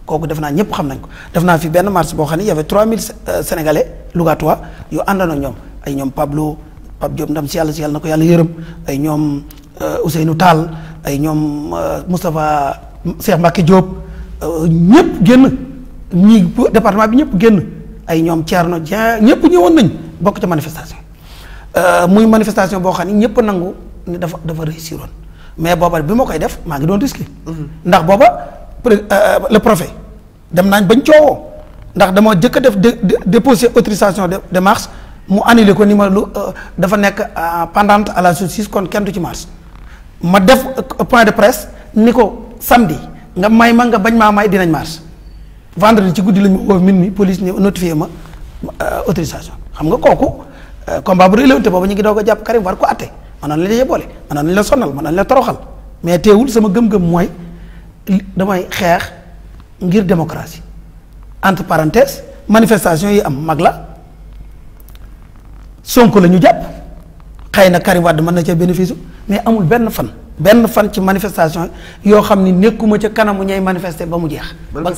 kooku def naa ñëpp xam nañ ko def naa fi benn marche boo xam ne y avait 3000 euh, sénégalais lugatois yu àndandoo ñoom ay ñoom Pablo pab Diop ndam si yàlla si yàlla na ko yàlla yërëm ay ñoom euh, nu taal ay ñoom euh, Moustapha Cheikh Mbacké Diop ñëpp génn ñii departement bi ñëpp génn ay ñoom Thierno Dieng ñëpp ñëwoon nañ bokk ca manifestation muy manifestation boo xam ne ñëpp nangu ne dafa dafa réussiroon mais boba bi ma def ma ngi don risqué. Mhm. ndax boba euh, euh, le préfet dem nañ bañ ciowo ndax dama jëk def déposer autorisation de de marche mu annuler ko ni ma euh, dafa nek pendant à la justice kon kenn du ci mars ma def point de presse niko samedi nga may ma nga bañ ma may dinañ mars vendredi ci guddi lañ min mi police ni notifier ma autorisation xam nga koku combat bu rëy bobu ñi ngi japp Karim war ko até mënoon la cee boole mënoon la sonal mënoon la toroxal mais teewul sama gëm-gëm mooy damay xeex ngir démocratie entre parenthèse manifestation yi am mag la Sonko la ñu jàpp xëy na Karim Wade mën na cee bénéfice mais amul benn fan benn fan ci manifestation yoo xam ni nekkuma ca kanamu ñay manifester ba mu jeex. ba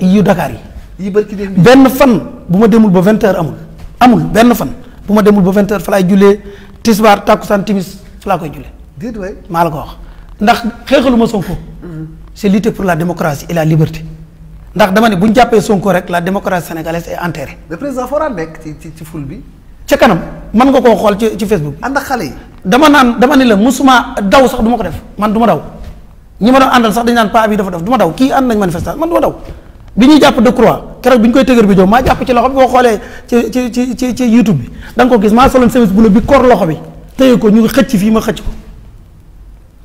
yu Dakar yi. benn fan bu ma demul ba vingt amul. amul benn fan bu ma demul ba vingt heures fa jullee tisbar takusan timis fu koy julé dit way maa ko wax ndax xexaluma Sonko. c'est lutter pour la démocratie et la liberté. ndax dama ne buñ jappé Sonko rek la démocratie sénégalaise est enterrée. le président foo nekk ci ci ci ful bi. ci kanam man nga ko xol ci ci Facebook. ànd xalé dama nan dama ne la musuma daw sax duma ko def man duma daw ñi ma doon àndal sax dañ nan paa bi dafa def duma daw ki and nañ manifestation man duma daw. bi ñuy jàpp de croix keroog bi ñu koy tëgër bi jow maa jàpp ci loxo bi boo xoolee ci ci ci youtube bi da nga ko gis maa soloon semis bu la bi kor loxo bi téye ko ñu ngi xëcc fii ma xëcc ko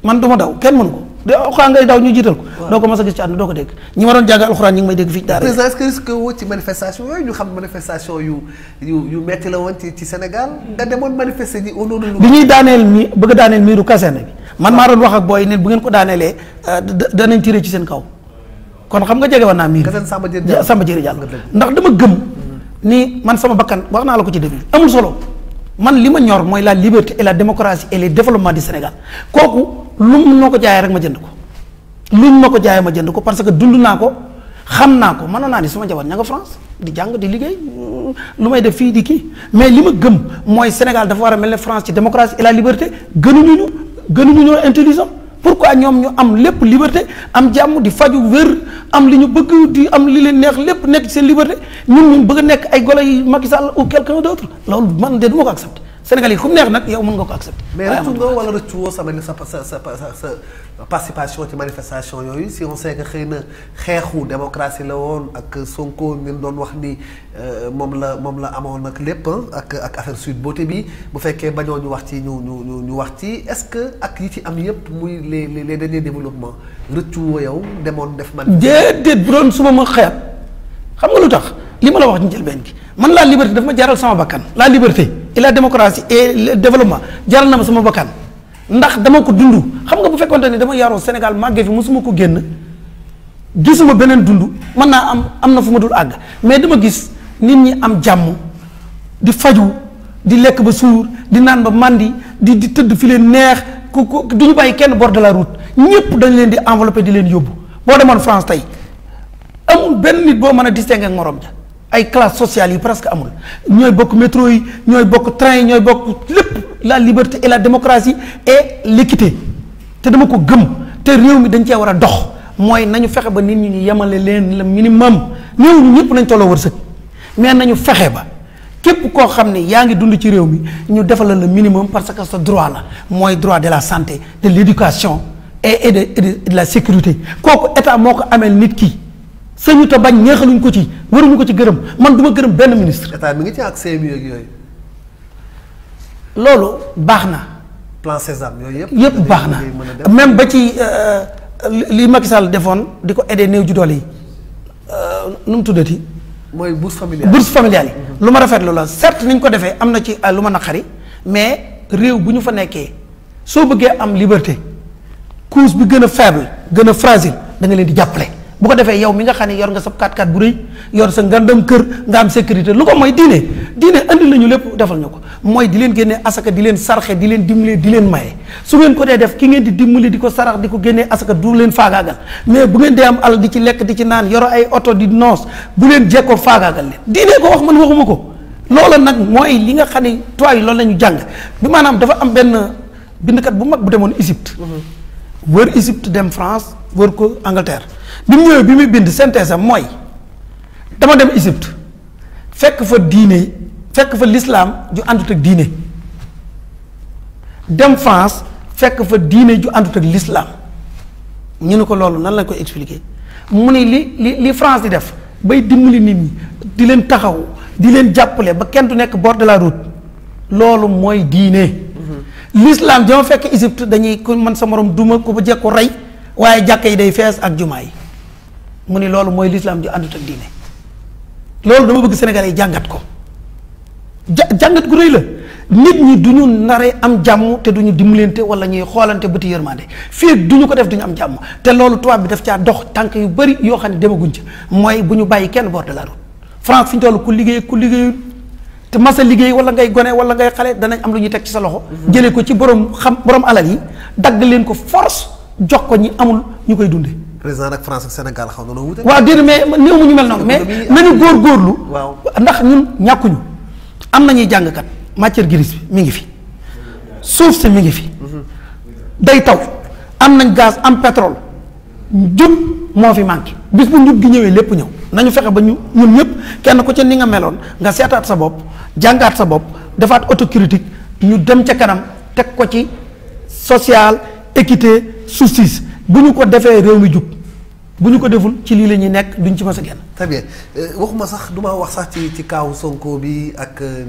man du ma daw kenn mënu ko de alxuraan ngay ñu jiital ko doo ko mas a gis ci àdduna doo ko dégg ñi ma doon jàng alxuraan
xam manifestation yu yu metti la woon ci ci Sénégal nga demoon manifester ji au nom de bi ñuy
daaneel mi bëgg a daaneel miiru caserne bi man maa doon wax ak booy ne bu ngeen ko daaneelee euh, danañ tiré ci seen kaw kon xam nga jege woon naa miir Samba Diéry Diallo ndax dama gëm mm-hmm. ni man sama bakkan wax naa la ko ci début amul solo man li ma ñor mooy la liberté et la démocratie et le développement di Sénégal kooku lu mu noo ko jaayee rek ma jënd ko lu mu ma ko jaayee ma jënd ko parce que dund naa ko xam naa ko mënoon naa ni sama jabar ña nga France di jàng di liggéey mm, lu may def fii di kii mais li ma gëm mooy Sénégal dafa war a mel ne France ci démocratie et la liberté gënuñu ñu gënuñu ñoo intelligent pourquoi ñoom ñu am lépp liberté am jàmm di faju wér am li ñu bëgg di am li leen neex lépp nekk seen liberté ñun ñu bëgg a nekk ay golo yi Macky Sall ou quelqu'un d'autre loolu man de du ma ko accepté mais la
wala participation manifestation si on sait que la démocratie la won ak Sonko est doon wax ni euh, mom la mom la amone ak lepp hein, ak ak affaire Beauté bi bu fekke baño ñu wax ci ñu ñu ñu wax est-ce que ak yi am les les derniers développements rëccu yow demone def. man bu
doon suma ma xam nga lutax li ma la wax gi man la liberté daf ma la liberté. et la démocratie et eh, le développement jaral na ma sama bakkan ndax dama ko dundu xam nga bu fekkonte ni dama yaro sénégal magge fi musuma ko genn gisuma benen dundu man na am amna fuma ma dul ag mais dama gis nit ñi am jamm di faju di lek ba sour di nan ba mandi di di teud fi len neex ku duñu bàyyi kenn bord de la route ñepp dañ leen di envelopper di leen yobbu bo demone france tay amul benn nit bo meuna distinguer ak morom ja ay classe sociale yi presque amul ñoy bokk métro yi ñoy bokk train yi ñooy bokk la liberté et la démocratie et l'équité té dama ko gëm té réew mi dañ ci wara a dox moy nañu ni ba nit ñi ñu yemale leen le minimum néew ñu ñëpp nañ tolo wërsekk mais nañu fexe ba képp koo xam ne yaa ngi dund ci réew mi ñu defal le minimum parce que sa droit la mooy droit de la santé de l'éducation et de la sécurité kooku état moo ko ameel nit ki. sañu ta bañ ñeexaluñ ko ci waruñu ko ci gërëm man duma gërëm benn ministre. état mi ngi ci ak CMU ak yooyu. loolu baax na.
plan Sésame yooyu
yëpp. yëpp baax
na
même ba ci euh, euh, li Macky Sall defoon di ko aidé néew ju doole yi euh, nu mu tuddati. mooy bourse familiale bourse familiale yi. lu ma rafetlu la certes ni ñu ko defee am na ci lu ma naqari mais réew bu ñu fa nekkee soo bëggee am liberté cause bi gën a faible gën a fragile da leen di jàppale. bu ko defee yow mi nga xam ne yor nga sa 4x4 bu rëy yor sa ngandam kër nga am sécurité lu ko mooy diine diine andi lañu lépp defal ñu ko mooy di leen génnee asaka di leen sarxe di leen dimbali di leen maye su ngeen ko dee def ki ngeen di dimbali di ko sarax di ko génnee asaka du leen faagaagal mais bu ngeen dee am alal di ci lekk di ci naan yoro ay oto di noos bu leen jekkoo faagaagal leen diine ko wax man waxuma ko loola nag mooy li nga xam ne tuwaay loolu la ñu jàng bi maanaam dafa am benn bindkat bu mag bu demoon Égypte mm-hmm. wër Égypte dem France wër ko Angleterre bi mu ñëwee bi muy bind synthèse mooy dama dem Égypte fekk fa diine fekk fa l'islam ju àndut ak diine dem France fekk fa diine ju àndut ak l'islam ñu ne ko loolu nan lañ ko expliquer mu ne li li li France di def bay dimbali nit ñi di leen taxaw di leen jàppale ba kenn du nekk bord de la route loolu mooy diine mm-hmm. l'islam jama fekk Égypte dañuy ku man sa morom duma ku ba jekku rey waaye jàkka yi day fees ak jumaa yi mu ni loolu mooy lislaam ju àndut ak diine loolu dama bëgg Sénégalais yi jàngat ko ja jàngat ku rëy la nit ñi du ñu nare am jàmm te du ñu dimbalante wala ñuy xoolante bëti yërmande fii du ñu ko def du ñu am jàmm te loolu tubaab bi daf caa dox tànk yu bari yoo xam ne demaguñ ci mooy bu ñu bàyyi kenn bord de la route France fi ñu toll ku liggéey ku liggéeyul te masa liggéey wala ngay gone wala ngay xale danañ am lu ñuy teg ci sa loxo. Mm-hmm. jëlee ko ci borom xam borom alal yi dagg leen ko force jox ko ñi amul ñu koy dundee.
président nak France ak Sénégal xaw na noo wute. waaw mais néew ñu mel noonu mais nañu góorgóorlu. waaw
ndax ñun ñàkkuñu am nañuy matière grise bi mi ngi fi suuf si mi ngi fi. day taw am nañ gaz am pétrole jum moo fi bis bu njub gi ñëwee lépp ñëw nañu fexe ba ñu ñun ñëpp kenn ku ci ni nga meloon nga seetaat sa bopp jàngaat sa bopp defaat autocritique ñu dem ca kanam teg ko ci social équité justice ko réew mi jub bu ñu ko deful ci li nekk duñ ci très bien euh, waxuma
sax du ma wax sax ci ci Sonko bi ak euh,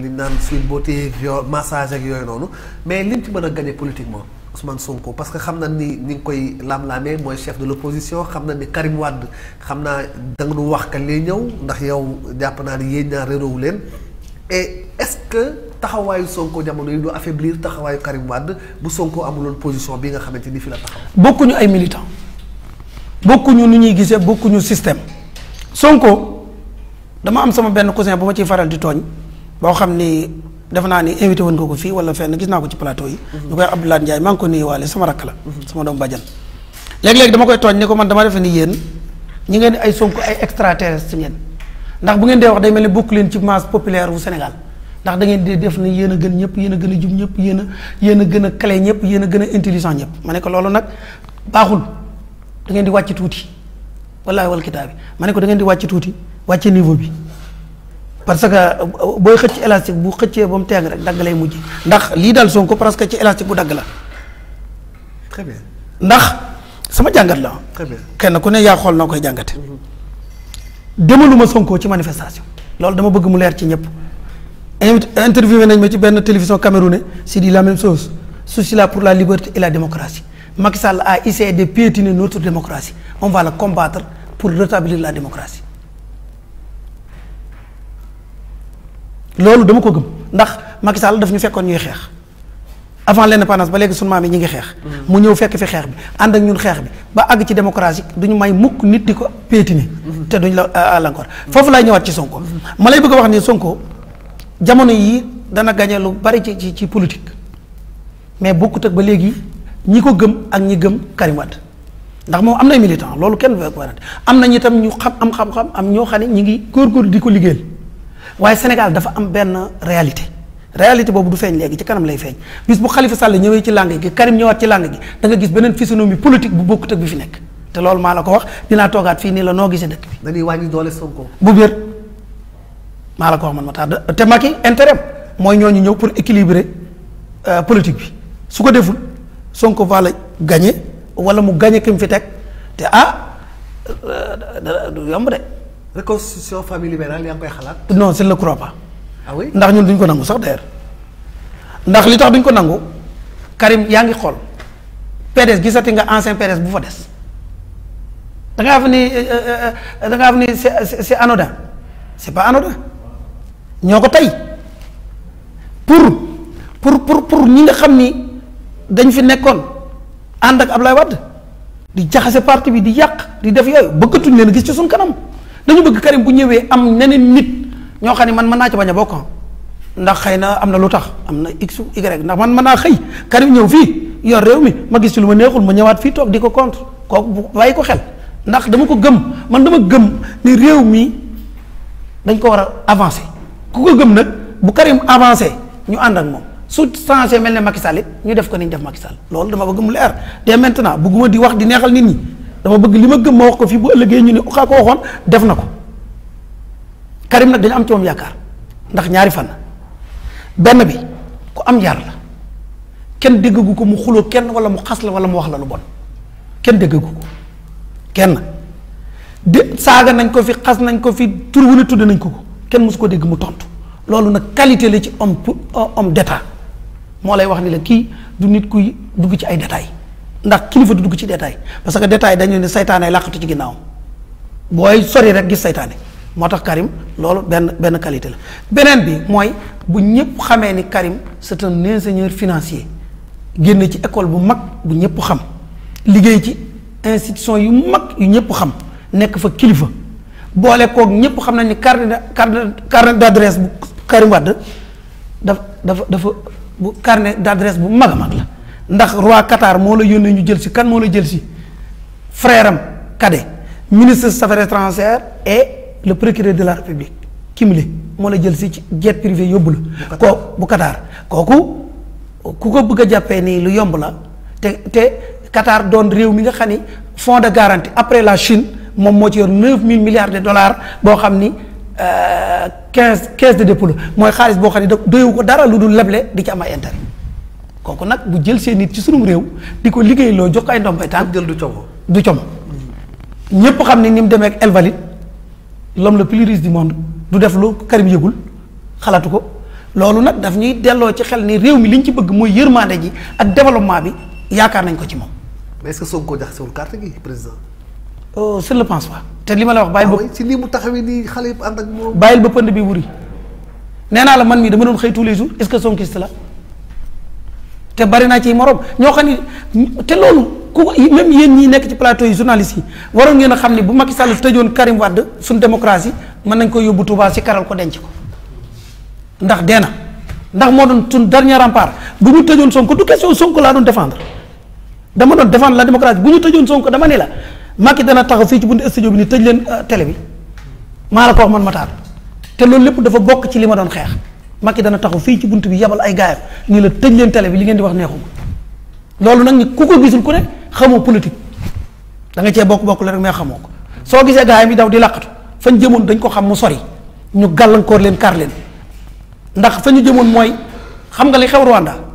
mais liñ ci mën gagné politiquement Ousmane Sonko parce que xam ni ni des koy chef de l'opposition, opposition Karim Wade xam da nga wax ka lay ñëw ndax yow jàpp naa ni et est ce que taxawaayu Sonko jamono yi affaiblir Karim Wade bu Sonko amuloon position bi nga xamante vous fi la
taxaw. militants. ñu ñi gisé bokku ñu système sonko dama am sama benn cousin buma ci faral di togn bo xamni ni def na ni invité won nga fi wala fenn gis na ko ci plateau yi mhm. ñu abdoulaye ndjay ko ko walé sama rak la mhm. sama doom badjan léeg-léeg dama koy togn ni ko man dama def ni yeen ñi ngeen ay sonko ay extraterrestre ngeen ndax bu ngeen dee wax day melni bokku leen ci masse populaire wu sénégal ndax da ngeen di def ni yeena gën ñep yeena gën jum ñep yeena yeena gën clé gën intelligent ñep mané ko lolu nak baxul da ngeen di wàcc tuuti wallaahi wal kitab. ma ne ko da ngeen di wàcc tuuti wàcce niveau bi parce que euh, booy xëcc élastique bu xëccee ba mu teeng rek dagg lay mujj ndax lii daal Sonko parce que ci élastique bu dagg très bien ndax sama jàngat la. très bien kenn ku ne yaa xool noo koy jàngate demaluma Sonko ci manifestation loolu dama bëgg mu leer ci ñëpp. interviewé nañ ma ci benn télévision camerounaise c'est dit la même chose souci là pour la liberté et la démocratie Macky a essayé de piétiner notre démocratie. On va le combattre pour rétablir la démocratie. loolu dama ko gëm ndax Macky Sall daf ñu fekkoon ñuy xeex avant l'indépendance ba léegi sunu maam yi ñu ngi xeex. Mm. mu ñëw fekk fi xeex bi ànd ak ñun xeex bi ba àgg ci démocratie duñu may mukk nit di ko piétiner. Mm-hmm. te duñ la euh, àllankoor foofu laay ñëwaat ci Sonko. Mm-hmm. ma lay bëgg wax ni Sonko jamono yii dana gañe lu bari ci ci politique mais beaucoup ak ba léegi. ñi ko gëm ak ñi gëm Karim Wade ndax moom am na militant loolu kenn du ko am na ñi tam ñu xam am xam-xam am ñoo xam ne ñu ngi góorgóorlu di ko liggéeyal waaye Sénégal dafa am benn réalité réalité boobu du feeñ léegi ci kanam lay feeñ bis bu Khalifa Sall ñëwee ci làng gi Karim ñëwaat ci làng gi da nga gis beneen physionomie politique bu bokkut ak bi fi nekk te loolu maa la ko wax dinaa toogaat fii nii la noo gisee dëkk bi. dañuy wàññi doole Sonko. bu biir maa la ko wax man ma tax te Macky intérêt mooy ñooñu ñëw pour équilibrer euh, politique bi su ko deful Sonko va gagner wala mu gagner ki fi tek te ah du yomb de. reconstruction famille libérale non je ne le crois pas. ah oui ndax ñun duñ ko nangu sax d'ailleurs ndax li tax duñ Karim yaangi xol PDS nga ancien PDS bu fa dess da que eh, eh, eh, da c'est c'est pas anodin ñoko tay pour pour pour pour dañ fi nekkoon ànd ak Ablaye Wade di jaxase parti bi di yàq di def yooyu bëggatuñ leen gis ci suñ kanam dañu bëgg Karim bu ñëwee am neneen nit ñoo xam ne man mën naa ci bañ a bokk ndax xëy na am na lu tax am na x y ndax man mën naa xëy Karim ñëw fii yor réew mi ma gis ci lu ma neexul ma ñëwaat fii toog di ko contre kooku bu bàyyi ko xel ndax dama ko gëm man dama gëm ni réew mi dañ ko war a avancé ku ko gëm nag bu Karim avancé ñu ànd ak moom. su changé mel ne Macky ñu def ko ni ñu def Macky Sall loolu dama bëgg mu leer dès bëgg bëgguma di wax di neexal nit ñi dama bëgg li ma gëm ma wax ko fii bu ëllëgee ñu ne xaa ko waxoon def na ko Karim nag dañ am ci moom yaakaar ndax ñaari fan benn bi ku am yar la kenn déggagu ko mu xuloo kenn wala mu xas la wala mu wax la lu bon kenn déggagu ko kenn dé saaga nañ ko fi xas nañ ko fi tur wu ne tudd nañ ko ko kenn mosu ko dégg mu tontu loolu nag qualité la ci homme homme d'état moo lay wax ni la kii du nit kuy dugg ci ay détails ndax kilifa du dugg ci détail parce que détail dañu ne saytaane làqatu ci ginnaaw booy sori rek gis saytaane moo tax Karim loolu benn benn qualité la beneen bi mooy bu ñëpp xamee ni Karim c'est un ingénieur financier génn ci école bu mag bu ñëpp xam liggéey ci institution yu mag yu ñëpp xam nekk fa kilifa boole koog ñëpp xam nañ ni carnet carnet d'adresse bu Karim Wade dafa dafa dafa bu carnet d'adresse bu mag mag la ndax roi Qatar moo la yónnee ñu jël si kan moo la jël si frère am cadet ministre des affaires et le procureur de la république kimli moo la jël si ci jet privé yóbbu la. ko bu Qatar kooku ku ko bëgg a jàppee nii lu yomb la te te Qatar doon réew mi nga xam ni fonds de garantie après la Chine moom moo ci yor mille milliards de dollars boo xam ni. 15 euh, de dépôt le xaalis boo xam ne da doyu ko dara lu dul di ci am intérêt kooku bu jël seen nit ci sunum jox du du le plus riche du monde du def lu Karim yëgul xalaatu ko loolu daf ñuy délo ci xel ni réew mi liñ ci bëgg moy ji ak développement bi nañ mais est-ce que Sonko carte gi président. sur le pense pas te li ma la wax bàyyil ba si lii mu taxawee nii xale yëpp ànd ak moom bàyyil ba pënd bi wuri nee naa la man mii dama doon xëy tous les jours est ce que sonkiste la te bari naa ci morom ñoo xam ne te loolu ku même yéen ñi nekk ci plateau yi journaliste yi waroon ngeen a bu Macky Sall tëjoon Karim Wade suñ démocratie mën nañ ko yóbbu Touba si karal ko denc ko ndax dee ndax moo doon suñ dernier rempart bu ñu tëjoon Sonko du question Sonko laa doon défendre dama doon défendre la démocratie bu ñu tëjoon Sonko dama ne la Macky dana taxaw fii ci buntu studio bi ni tëj leen euh, télé bi maa la ko wax man te loolu lépp dafa bokk ci li ma doon xeex Macky dana taxaw fii ci bunt bi yabal ay gaayam nii la tëj leen télé bi li ngeen di wax neexuma loolu nag ni ku ko gisul ku ne xamoo politique da nga cee bokk bokk la rek mais xamoo ko soo gisee gaayam yi daw di làqatu fañ jëmoon dañ ko xam mu sori ñu gàllankoor leen kar leen ndax fa ñu jëmoon mooy xam nga li xew Rwanda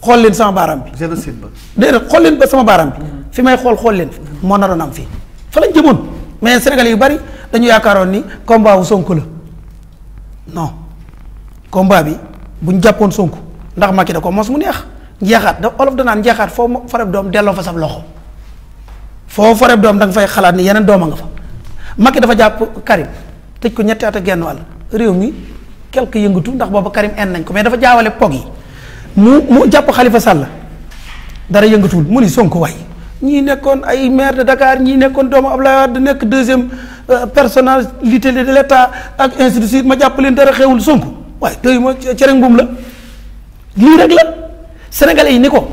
xool sama barang bi. génocide ba. déedéet xool leen ba sama baram bi. fi may xol xol leen. na ron am fi fa lañ jëmon mais sénégalais yu bari dañu yaakaaroon ni combat wu Sonko la non combat bi buñ jàppoon Sonko ndax Macky da ko mos mu neex jeexat da olof danaan jeexat fo fareb dom delo fa sa loxo fo fareb dom dang fay xalaat ni yenen dom nga fa Macky dafa japp Karim tejj ko ñetti ata genn wal réew mi quelque yëngatu ndax bobu Karim en nañ ko mais dafa jaawale pog mu mu japp khalifa sall dara yëngatuwul mu ni sonko way ñi nekkon ay maire de dakar ñi nekkon doomu abdoulaye wade nekk deuxième euh, personnalité de l'état ak ainsi ma japp leen dara xewul sonko waaye doy ma cere mbuum la li rek la sénégalais yi ni ko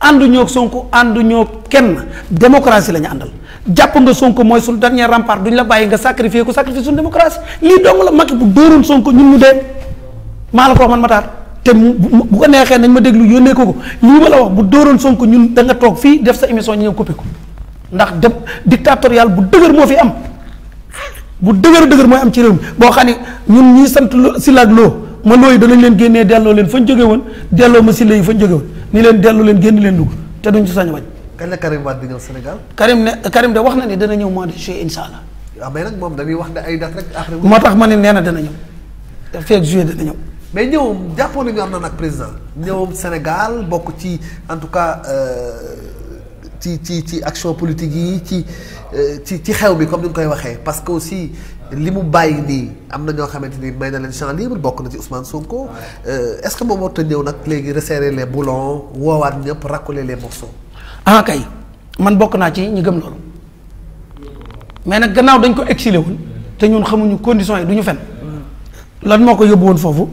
andu ñok sonko andu ñok kenn démocratie lañu andal japp nga sonko moy sul dernier rempart duñ la bayyi nga sacrifier ko sacrifice sun démocratie li dong la makki bu doorul sonko ñun mu dé mala ko man matar te bu ko neexee nañ ma déglu yone ko ko li wala wax bu doron sonko ñun da nga tok fi def sa émission ñu ñëw coupé ko ndax dem dictatorial bu dëgër mo fi am bu dëgër dëgër moy am ci réew bo xani ñun ñi sant si laag loo ma da danañ leen génnee delloo leen fañ jóge won delloo ma ci lay fañ jóge won ni leen delloo leen génn leen dug te duñ ci sañ wañ
kan la Karim wa digal Sénégal
Karim ne Karim de wax na ne dana ñëw mois de juillet inshallah
bay ah, nak mom dañuy wax da ay dat rek
après motax mané néna dana ñëw
da fek juillet dana ñëw mais ñëwum jàppoon nañu am na nag président ñëwum Sénégal bokk ci en tout cas euh, ci ci ci action politique yi ci euh, ci ci xew bi comme ni nga koy waxee parce que aussi li mu bàyyi nii am na ñoo xamante ni may na leen champ libre bokk na ci Ousmane Sonko euh, est-ce que moom warut a ñëw nag léegi resserrer
les boulons woowaat ñëpp raccoler les morceaux. ah kay man bokk naa ci ñi gëm loolu mais nag gannaaw dañ ko exilé woon te ñun xamuñu conditions yi du ñu fen lan moo ko yóbbu woon foofu.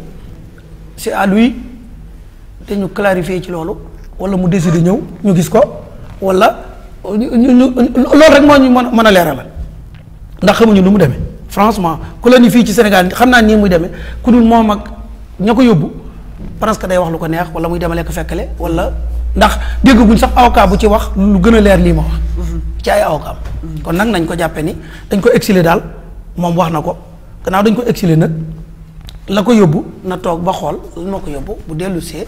c'est à lui te ñu clarifier ci loolu wala mu décider ñëw ñu gis ko wala loolu rek moo ñu mën a leeralal ndax xamuñu lu mu demee franchement ku la ni fii ci Sénégal xam naa nii muy demee ku dul moom ak ña ko yóbbu parce que day wax lu ko neex wala muy demale ko fekkale wala ndax dégguñ sax avocat bu ci wax lu gën a leer lii ma wax. ci ay avocat mm-hmm. kon nag nañ ko jàppe ni dañ ko exilé daal moom wax na ko gannaaw dañ ko exilé nag. la ko yóbbu na toog ba xool lan moo ko yóbbu bu dellu see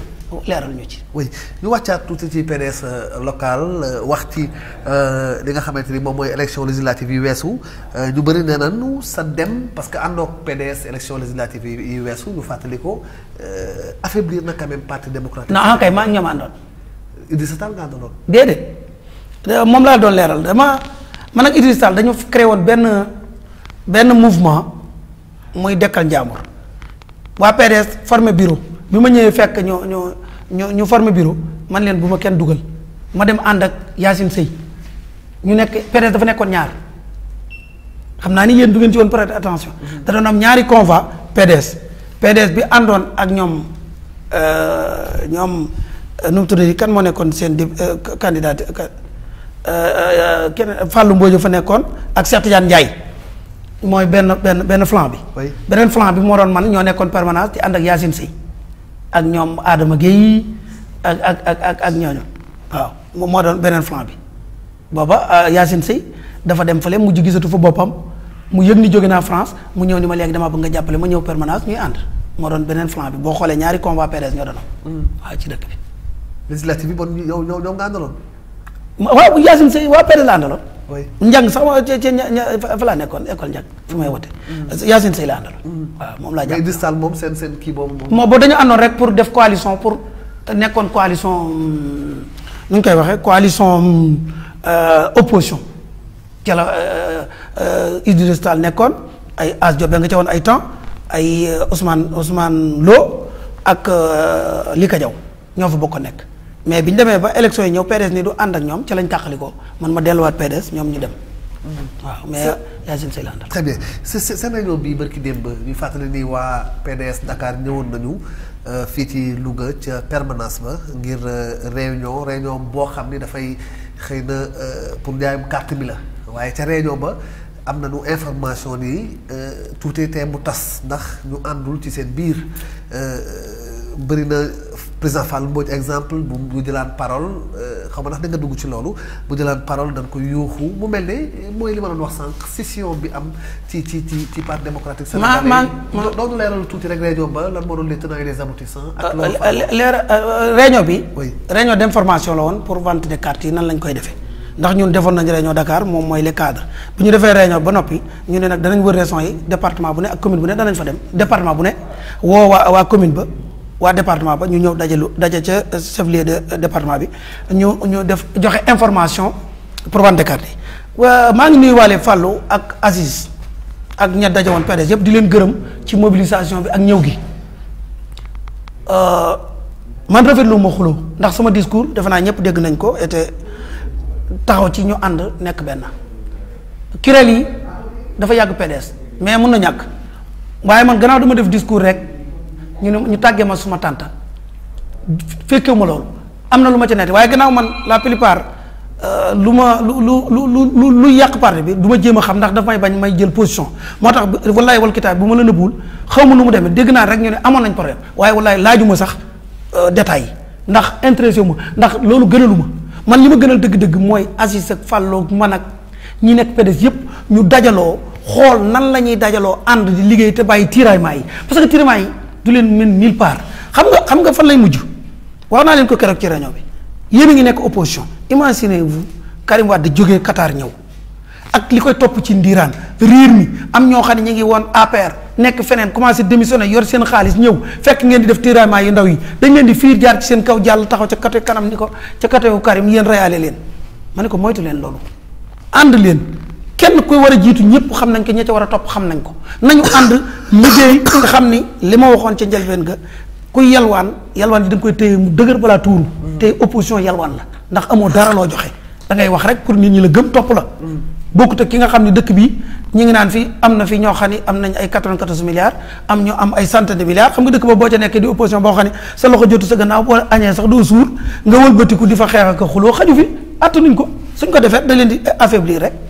leeral ñu ci. oui
ñu wàccaat tout ci PDS euh, local euh, wax ci euh, li nga xamante ni moom mooy élection législative yi weesu ñu bëri nee nañu sa dem parce que àndoog PDS élection législative weesu ñu fàttali ko affaiblir na quand même parti démocratique. non ah kay maa ngi ñoom àndoon. Idrissa Tall nga àndoon.
déedéet moom laa doon leeral dama man ak Idrissa Tall dañu créé woon benn benn mouvement muy dekkal njàmbur. wa PDS formé bureau bima ñëwé fekk ño ño ñoo ñu formé bureau man leen buma kenn dugal ma dem and ak yassine Sey ñu nekk PDS dafa nekkon ñaar xamna ni yeen du ngeen ci won prêt attention mhm. da doon am ñaari convoi PDS PDS bi andon ak ñoom euh, ñoom euh, nu mu tuddee kan moo nekkoon seen di euh, euh kenn fallu mbojo fa nekkon ak Cheikh Tidiane mooy benn benn benn flanc bi. beneen flanc bi moo doon man ñoo nekkoon permanence di ànd ak Yacine Sy ak ñoom Adama Guèye ak ak ak ak waaw moo doon beneen flanc bi booba euh, Yacine Sy dafa dem fële mujj gisatu fa boppam mu yëg ni jóge naa France mu ñëw ni ma léegi damaa bëgg nga jàppale ma ñëw permanence ñuy ànd moo doon beneen flanc bi boo xoolee ñaari combat PDS ñoo doon mm. waaw ci dëkk bi. législative bi bon ñoo ñoo ñoo nga àndaloon. waaw Yacine Seye waa PDS la àndaloon. oui njàng sax waa ca fa laa nekkoon école njàng fi may wote. Mm. Yacine Seye la àndaloon. Mm. waaw moom laa jàpp mais moom seen seen kii boobu moom. boo dañu àndoon rek pour def coalition pour te nekkoon coalition nu ñu koy waxee coalition euh, opposition ca la euh, euh, Idrissa nekkoon ay As Diop nga ca woon ay temps ay Ousmane Ousmane Lo ak Lika Diaw ñoo fa bokk nekk. mais biñ démé ba élection yi ñëw PDS ni du and ak ñom ci lañ tàqalikoo man ma déllu wat PDS ñom ñu dem mm. waaw mais Yacine
Sey la àndal très bien seen réunion bi barki demb ñu fàttali ni wa PDS Dakar ñewon nañu euh, fi ci Louga ci permanence ba ngir euh, réunion réunion bo xamni da fay xeyna na euh, pour njaayam carte bi la waye ci réunion ba amna nañu information ni tuutee tee mu tas ndax ñu andul ci seen biir bëri na président exemple bu bu parole euh, xam da nga ci bu parole démocratique les et
les euh, euh, réunion oui réunion d' la pour vente des cartes. nan lañ koy ndax Dakar les cadres bu ñu réunion ba noppi ñu ne nag danañ wër département bu ak commune département commune waa département ba ñu ñëw dajalu daja ca euh, chef de euh, département bi ñu ñu def joxe information pour vente de maa ngi nuyuwaale Fallou ak Aziz ak ña daje woon PDS yëpp di leen gërëm ci mobilisation bi ak ñëw gi euh, man rafetlu ma xuloo ndax sama discours defe naa ñëpp dégg nañ ko et taxaw ci ñu ànd nekk benn kuréel yi dafa yàgg PDS mais mun na ñàkk waaye man gannaaw dama def discours rek. ñu ne ñu tàggee ma suma tànta fekkewu ma loolu am na lu ma ca nett waaye gannaaw man la plupart euh, lu ma lu lu lu lu lu lu yàq parti bi du ma jéem a xam ndax daf may bañ may jël position moo tax wallaay wal kitaab bu ma la nëbbuwul xaw ma nu mu demee dégg naa rek ñu ne amoon nañ problème waaye wallaay laaju ma sax euh, détails yi ndax intéressé ma ndax loolu gënalu ma man li ma gënal dëgg-dëgg mooy Aziz ak Fallou man ak ñi nekk PDS yépp ñu dajaloo xool nan la ñuy dajaloo ànd di liggéey te bàyyi tiraillement yi parce que tiraillement yi. du leen mën nulle part xam nga xam nga fan lay mujj wax naa leen ko keroog ci réunion bi yéen a ngi nekk opposition imaginez-vous Karim Wade jógee Qatar ñëw ak li koy topp ci ndiiraan riir mi am ñoo xam ne ñu ngi woon APR nekk feneen commencé démissionné yor seen xaalis ñëw fekk ngeen di def tiraillement yi ndaw yi dañ leen di fiir jaar ci seen kaw jàll taxaw ca côté kanam ni ko ca côté wu Karim yéen reyaale leen ma ne ko moytu leen loolu ànd leen. kenn ku war a jiitu ñëpp xam nañ ko ña ca war a topp xam nañ ko nañu ànd liggéey nga xam ni li ma waxoon ca njëlbeen ga kuy yalwaan yalwaan yi da koy téye mu dëgër balaa tuuru. tey opposition yalwaan la ndax amoo dara loo joxe dangay wax rek pour nit ñi la gëm topp la. bokkut ak ki nga xam ne dëkk bi ñu ngi naan fii am na fi ñoo xam ne am nañ ay 94 milliards am ñu am ay centaine de milliards xam nga dëkk ba boo ca nekkee di opposition boo ne sa loxo jotu sa gannaaw boo añee sax doo suur fa xeex ak xuloo xaju fi ko suñ ko defee da leen di affaiblir rek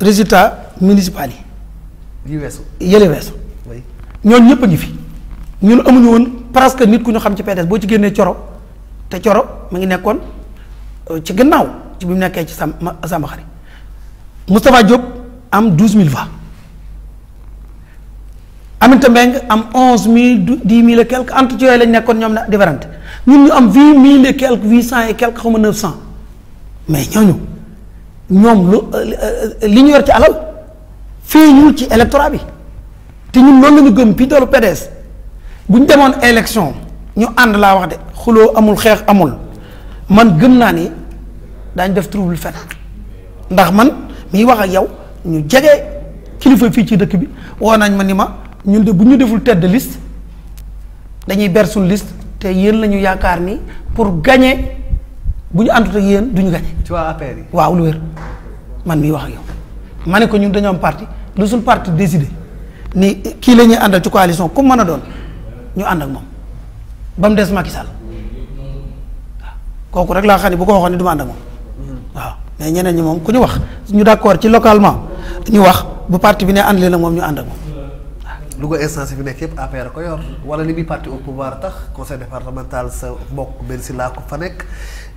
résultat municipal yi. weesu yële weesu. ñooñ ñëpp a ngi fi ñun amuñu woon presque nit ku ñu xam ci PDS boo ci génnee Coro te Coro mu ngi nekkoon euh, ci gannaaw ci bi nekkee ci Sam Samba Xari Moustapha Diop am douze mille voix Aminata Mbengue am onze mille dix mille et quelque entre ci yooyu lañ nekkoon ñoom na différente ñun ñu am huit mille et quelque huit cent et quelque xaw ma cent mais ñooñu. moom lu euh, li ñu yor ci alal feeñul ci électorat bi te ñun loolu la gëm fii doolu PDS bu ñu demoon élection ñu ànd laa wax de xuloo amul xeex amul man gëm naa ni daañ def trouble fen ndax man miy wax ak yow ñu jege kilifa fii ci dëkk bi woo nañ ma ni ma ñun de bu ñu deful tête de liste dañuy bersul liste te yéen lañu yaakaar ni pour gagner buñu ñu ak yeen duñu gañ. ci wa APR yi waaw lu man mi wax ak yow. mané ko ñun dañu am parti lu sun parti décider ni ki la andal ci coalition ku mëna doon ñu and ak mom bam dess Macky Sall koku rek la xani bu ko waxani duma and ma ak mom waaw mais ñeneen ñi mom ku ñu wax ñu d'accord ci localement ñu wax bu parti bi ne and leen ak mom ñu and ak
lu ko essence bi nekk yëpp ko yor wala ni bi parti au pouvoir tax conseil départemental sa bok ben si la ko fa nek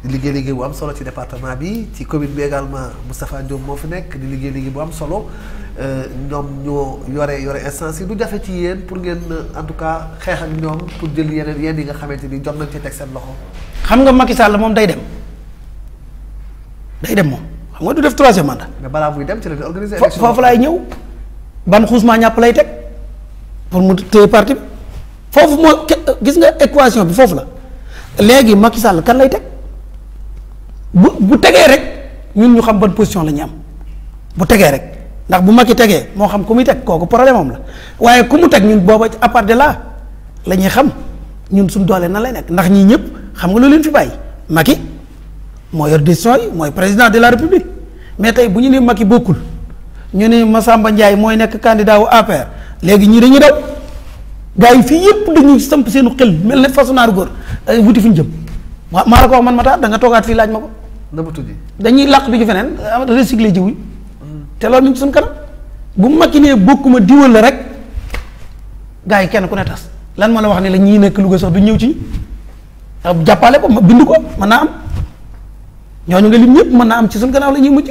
di liggéey liggéey bu am solo ci département bi ci commune bi également Moustapha Diop moo fi nekk di liggéey liggéey bu am solo euh, ñoom ñoo yore yore instance yi du jafe ci yéen pour ngeen en tout cas xeex ak ñoom pour jël yeneen yéen yi nga xamante ni jot nañ ci teg seen loxo.
xam nga Macky Sall moom day dem day dem moom xam nga du def troisième mandat. mais
balaa muy dem ci la di organiser. élection foofu
lay ñëw ban xuusmaa ñàpp lay teg pour mu téye parti bi foofu moo gis nga équation bi foofu la léegi Macky Sall kan lay teg bu bu tegee rek ñun ñu xam ban position la ñu am bu tege rek ndax bu maki tege mo xam ku muy teg problème am la waye ku mu teg ñun booba à part de là la xam ñun suñ doole na lay nek ndax ñi ñep xam nga lo leen fi bay maki, moo yor décision yi mooy président de la république mais tay bu ñu ne maki bokul ñu ne Massamba ndjay moy nek candidat wu APR léegi ñi dañuy daw gars fi fii dañuy samp seenu xel melni ne gor wuti fuñu jëm waaw maa la ko wax man Matar da nga toogaat fii laaj ma ko. nëbbatu ji dañuy làq bi ju feneen ah, recycler jiwuñ hmm. te loolu ñu ngi suñ kanam bu bokk ma diwal la rek gaa yi kenn ku ne tas lan ma la wax ne la ñii nekk Louga sax du ñëw ci ah, jàppale ko ma bind ko mën naa am ñooñu nga lim ñëpp mën naa am ci suñ gannaaw la ñuy mujj.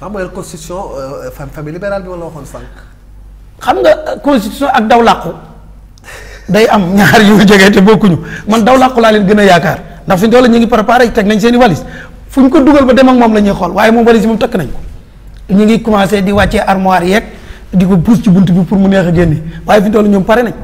waaw mooy constitution euh, famille libérale bi ma xam nga constitution ak daw làqu day am ñaar yu jege te bokkuñu man daw ko la leen gëna yaakar ndax fi doole ñi ngi préparé tek nañ seeni valise fuñ ko duggal ba dem ak mom lañuy xol waye mom valise mom tek nañ ko ñi ngi commencé di wacce armoire yek di ko pousse ci buntu bi pour mu neex a waye waaye fi doole ñom paré nañ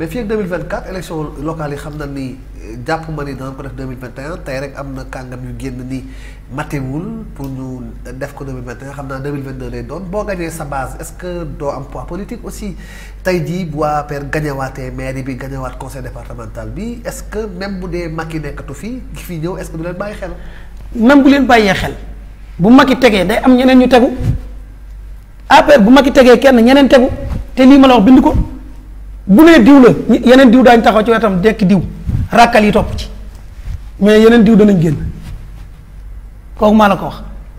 mais fi ak 2024 élection locale yi xam na ni japp ma ni ko def 2021 tay rek am na yu génn ni matewul pour ñu def ko 2021 xam xamna 2022 lay doon bo gañee sa base est-ce que do am poids politique aussi tay di bu père APR gañewaatee maire bi gañewaat conseil départemental bi est-ce que même bu des Macky nekkatu fi
fi ñëw est-ce que du leen baye xel. même bu leen baye xel bu maki tégué day am ñeneen ñu tegu APR bu maki tégué kenn ñeneen tegu té li ma la wax bind ko bu nee diw la yeneen diw dañ taxaw ci wetam dekk diw rakal yi top ci mais yeneen diw danañ génn. Kau mana la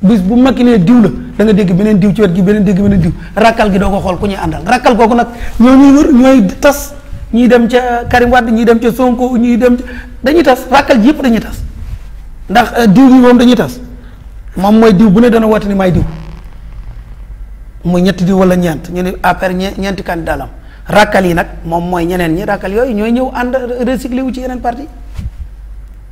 bis bu makki diu diw la da nga diu beneen diw ci wet gi Rakal dégg beneen diw rakkal gi doo ko xool ku ñuy àndal rakkal ñoo ñuy wër tas nyi dem ca Karim wad ñuy dem ca Sonko ñuy dem dañuy tas rakal ji yëpp dañuy tas ndax euh, diw bi moom dañuy tas moom mooy diw bu ne dana wat ni may diw muy ñetti diw wala nyant. ñu ne après ñeenti candidat lam rakkal yi nag moom nyi ñeneen ñi rakkal yooyu ñooy ñëw ànd recyclé wu ci parti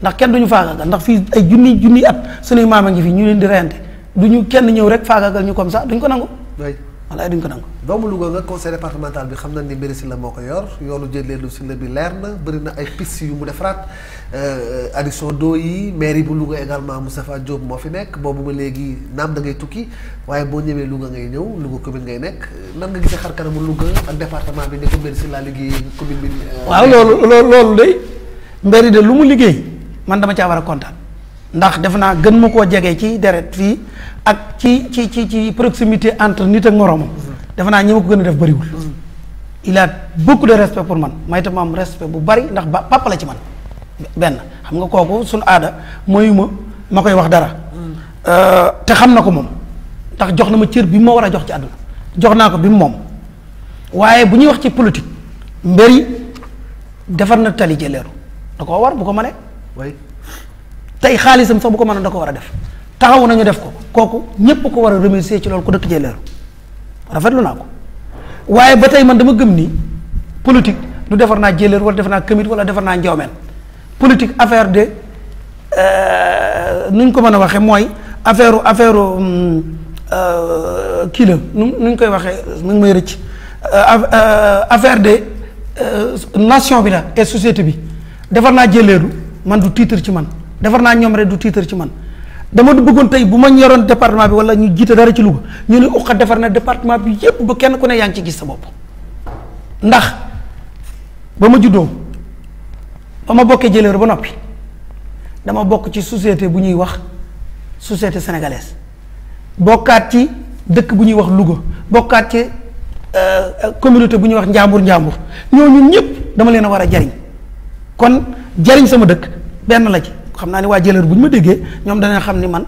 ndax kenn duñu faagagal ndax fii ay junni junni at suñuy maam a ngi fi ñu leen di reyante duñu kenn ñëw rek faagagal ñu comme ça duñ ko nangu wala duñ ko nangu
doomu lugo nga conseil départemental bi xam nañ ni mbiri si la moo ko yor yoonu jëleelu si la bi leer na bëri na ay piste yu mu euh, addition d'eau yi mairie bu lugo également Moustapha Diop moo fi nekk boobu ba léegi naam da ngay tukki waaye boo ñëwee lugo ngay ñëw lugo commune ngay nekk nan nga gis xar kanamu Louga ak département bi ne ko mbiri si la liggéey commune bi euh, waaw loolu loolu
loolu mbiri de lu mu liggéey man dama ci wara contane ndax defna gën mako jégué ci dérèt fi ak ci ci ci ci proximité entre nit ak moromam def naa ñi ma ko gën a def il a beaucoup de respect pour man may tam am respect bu bari ndax ba papa la ci man sun xam nga koku sun aada moyuma makoy wax dara euh, te xam na ko moom ndax jox na ma cër bi mo wara jox ci aduna jox bi mom waaye bu wax ci politique mbéri defar na tali jëleeru da ko war bu ko mané way tey xaalisam sax bu ko mënoon da ko war a def taxawu nañu def ko kooku ñépp ko war a remercier ci loolu ko dëkk jee leeru rafetlu naa ko waaye ba tey man dama gëm ni politique du defar naa jëleer wala defar naa këmit wala defar naa njoomeen politique affaire de euh, nu ko mën a waxee mooy affaire affaire euh, kii la koy waxee mu ngi may rëcc euh, affaire de nation bi la et société bi defar naa jëleeru man du titre ci man defar na ñom rek du titre ci man dama du bëggoon tay bu ma département bi wala ñu jité dara ci lu ñu ni uqa defar na département bi yépp ba kenn ku ne yaang ci gis sa bop ndax ba ma juddoo ba ma bokkee jëleer ba nopi dama bok ci société bu ñuy wax société sénégalaise bokkat ci dëkk bu ñuy wax Louga bokkat ci euh, communauté bu ñuy wax njambur njambur ñun ñëpp dama leena wara jariñ kon jariñ sama dëkk benn la ci xam naa ni waa jëlër bu ma déggee ñoom dana xam ni man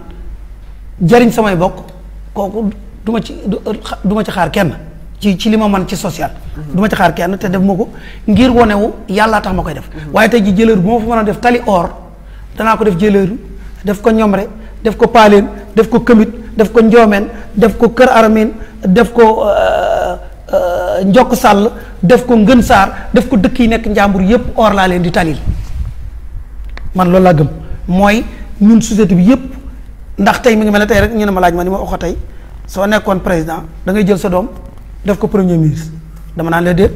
jariñ samay bokk kooku duma ci duma ci xaar kenn ci ci li man ci social mhm. duma ci xaar kenn te def ma ko ngir wone wu yàlla tax ma koy def mhm. waaye tey ji jëlër bu ma fa mën def tali or dana ko def jëlër def ko ñomre def ko paaleen def ko këmit def ko njoomeen def ko kër aramin def ko euh, euh, njokk sàll def ko ngën saar def ko dëkk yi nekk njàmbur yépp or laa leen di talil man loolu laa gëm mooy ñun société bi yëpp ndax tey mu ngi mel ne tey rek ñu ne ma laaj ma ni ma waxoon tey soo nekkoon président da ngay jël sa doom def ko premier ministre dama naan la déet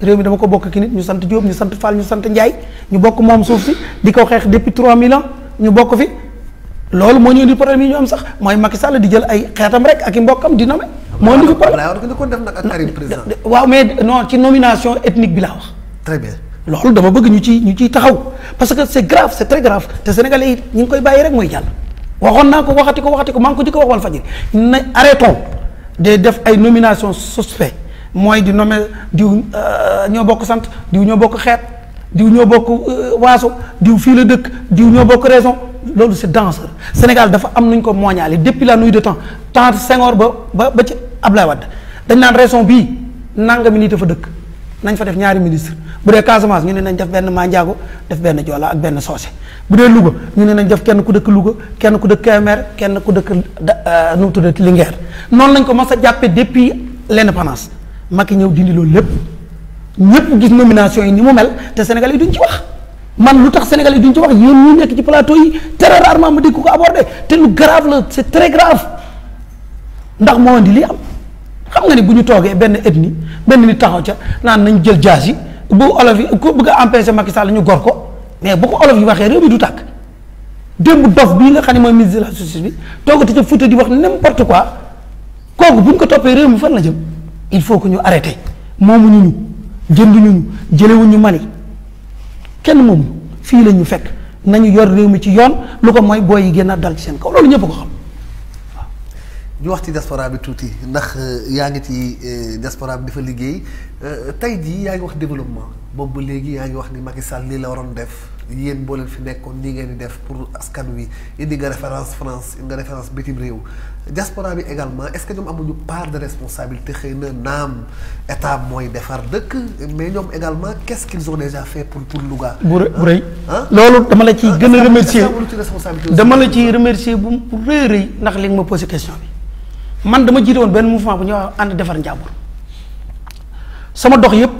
réew mi dama ko bokk ki nit ñu sant Diop ñu sant Fall ñu sant Ndiaye ñu bokk moom suuf si di ko xeex depuis trois ans ñu bokk fi loolu moo ñu indi problème yi ñu am sax mooy Macky Sall di jël ay xeetam rek ak i mbokkam di nommé. moo indi fi problème waaw mais non ci nomination ethnique bi laa wax. très loolu dama bëgg ñu ci ñu ci taxaw parce que c'est grave c'est très grave té sénégalais yi ñu koy bàyyi rek moy jall waxon na ko waxati ko waxati ko man ko jëkk a wax Walfadjri na arrêtons de def ay nomination suspect moy di nommer di euh, ñoo bokk sante di ñoo bokk xeet di ñoo bokk euh, waaso diw fi la dëkk di ñoo bokk raison lolou c'est dangereux Sénégal dafa am nuñ ko mooñaale depuis la nuit de temps temps Senghor ba ba ba ci Ablaye wad dañ nan raison bi nangami ni dafa dëkk nañ fa def ñaari ministre bu dee casamance ñu ne nañ def benn mandiago def benn joola ak benn soose bu dee louga ñu ne nañ def kenn ku dëkk louga kenn ku dëkk kemer kenn ku dëkk euh, nu mu tuddati linguère noonu lañ ko mas a jàppe depuis l' indépendance Macky ñëw dindi loolu lépp ñëpp gis nomination yi ni mu mel te sénégal yi duñ ci wax man lutax sénégal yi duñ ci wax yeen ñu nekk ci plateau yi très rarement ma dégg ko aborder te lu grave la c'est très grave ndax mo andi li am xam nga ni bu toge toogee etni ethnie benn nit taxaw ca naan nañ jël jaas yi bu olof yi ku bëgg a empêcher Macky Sall ñu gor ko mais bu ko olof yi waxee réew mi du tàkk démb dof bii nga xam ne ministre de la justice bi toogati ca fuuta di wax n'importe quoi kooku buñ ko toppee réew mi fan la jëm il faut que ñu arrêté moomuñu ñu jënduñu ñu jëlewuñu mali kenn moomu fii la fekk nañu yor réew mi ci yoon lu ko mooy booy yi génnaat dal ci seen kaw loolu ñëpp ko xam
ñu wax ci diaspora bi tuuti ndax euh, yaa ngi ci euh, diaspora bi dafa liggéey euh, tey jii yaa ngi wax développement boobu ba léegi yaa ngi wax ni Macky Sall lii la waroon def yéen boo leen fi nekkoon nii ngeen di def pour askan wi indi nga référence France indi nga référence bitim réew diaspora bi également est-ce que ñoom amuñu part de responsabilité xëy na naam état mooy defar dëkk mais ñoom également qu'est-ce qu'ils ont déjà fait pour pour Louga.
bu rëy ah? Ah? loolu dama la ciy ah, gën a remercier dama la ciy remercier bu bu rëy rëy ndax li nga ma posé question bi. man dama jité won ben mouvement bu ñu and défar defar sama dox yépp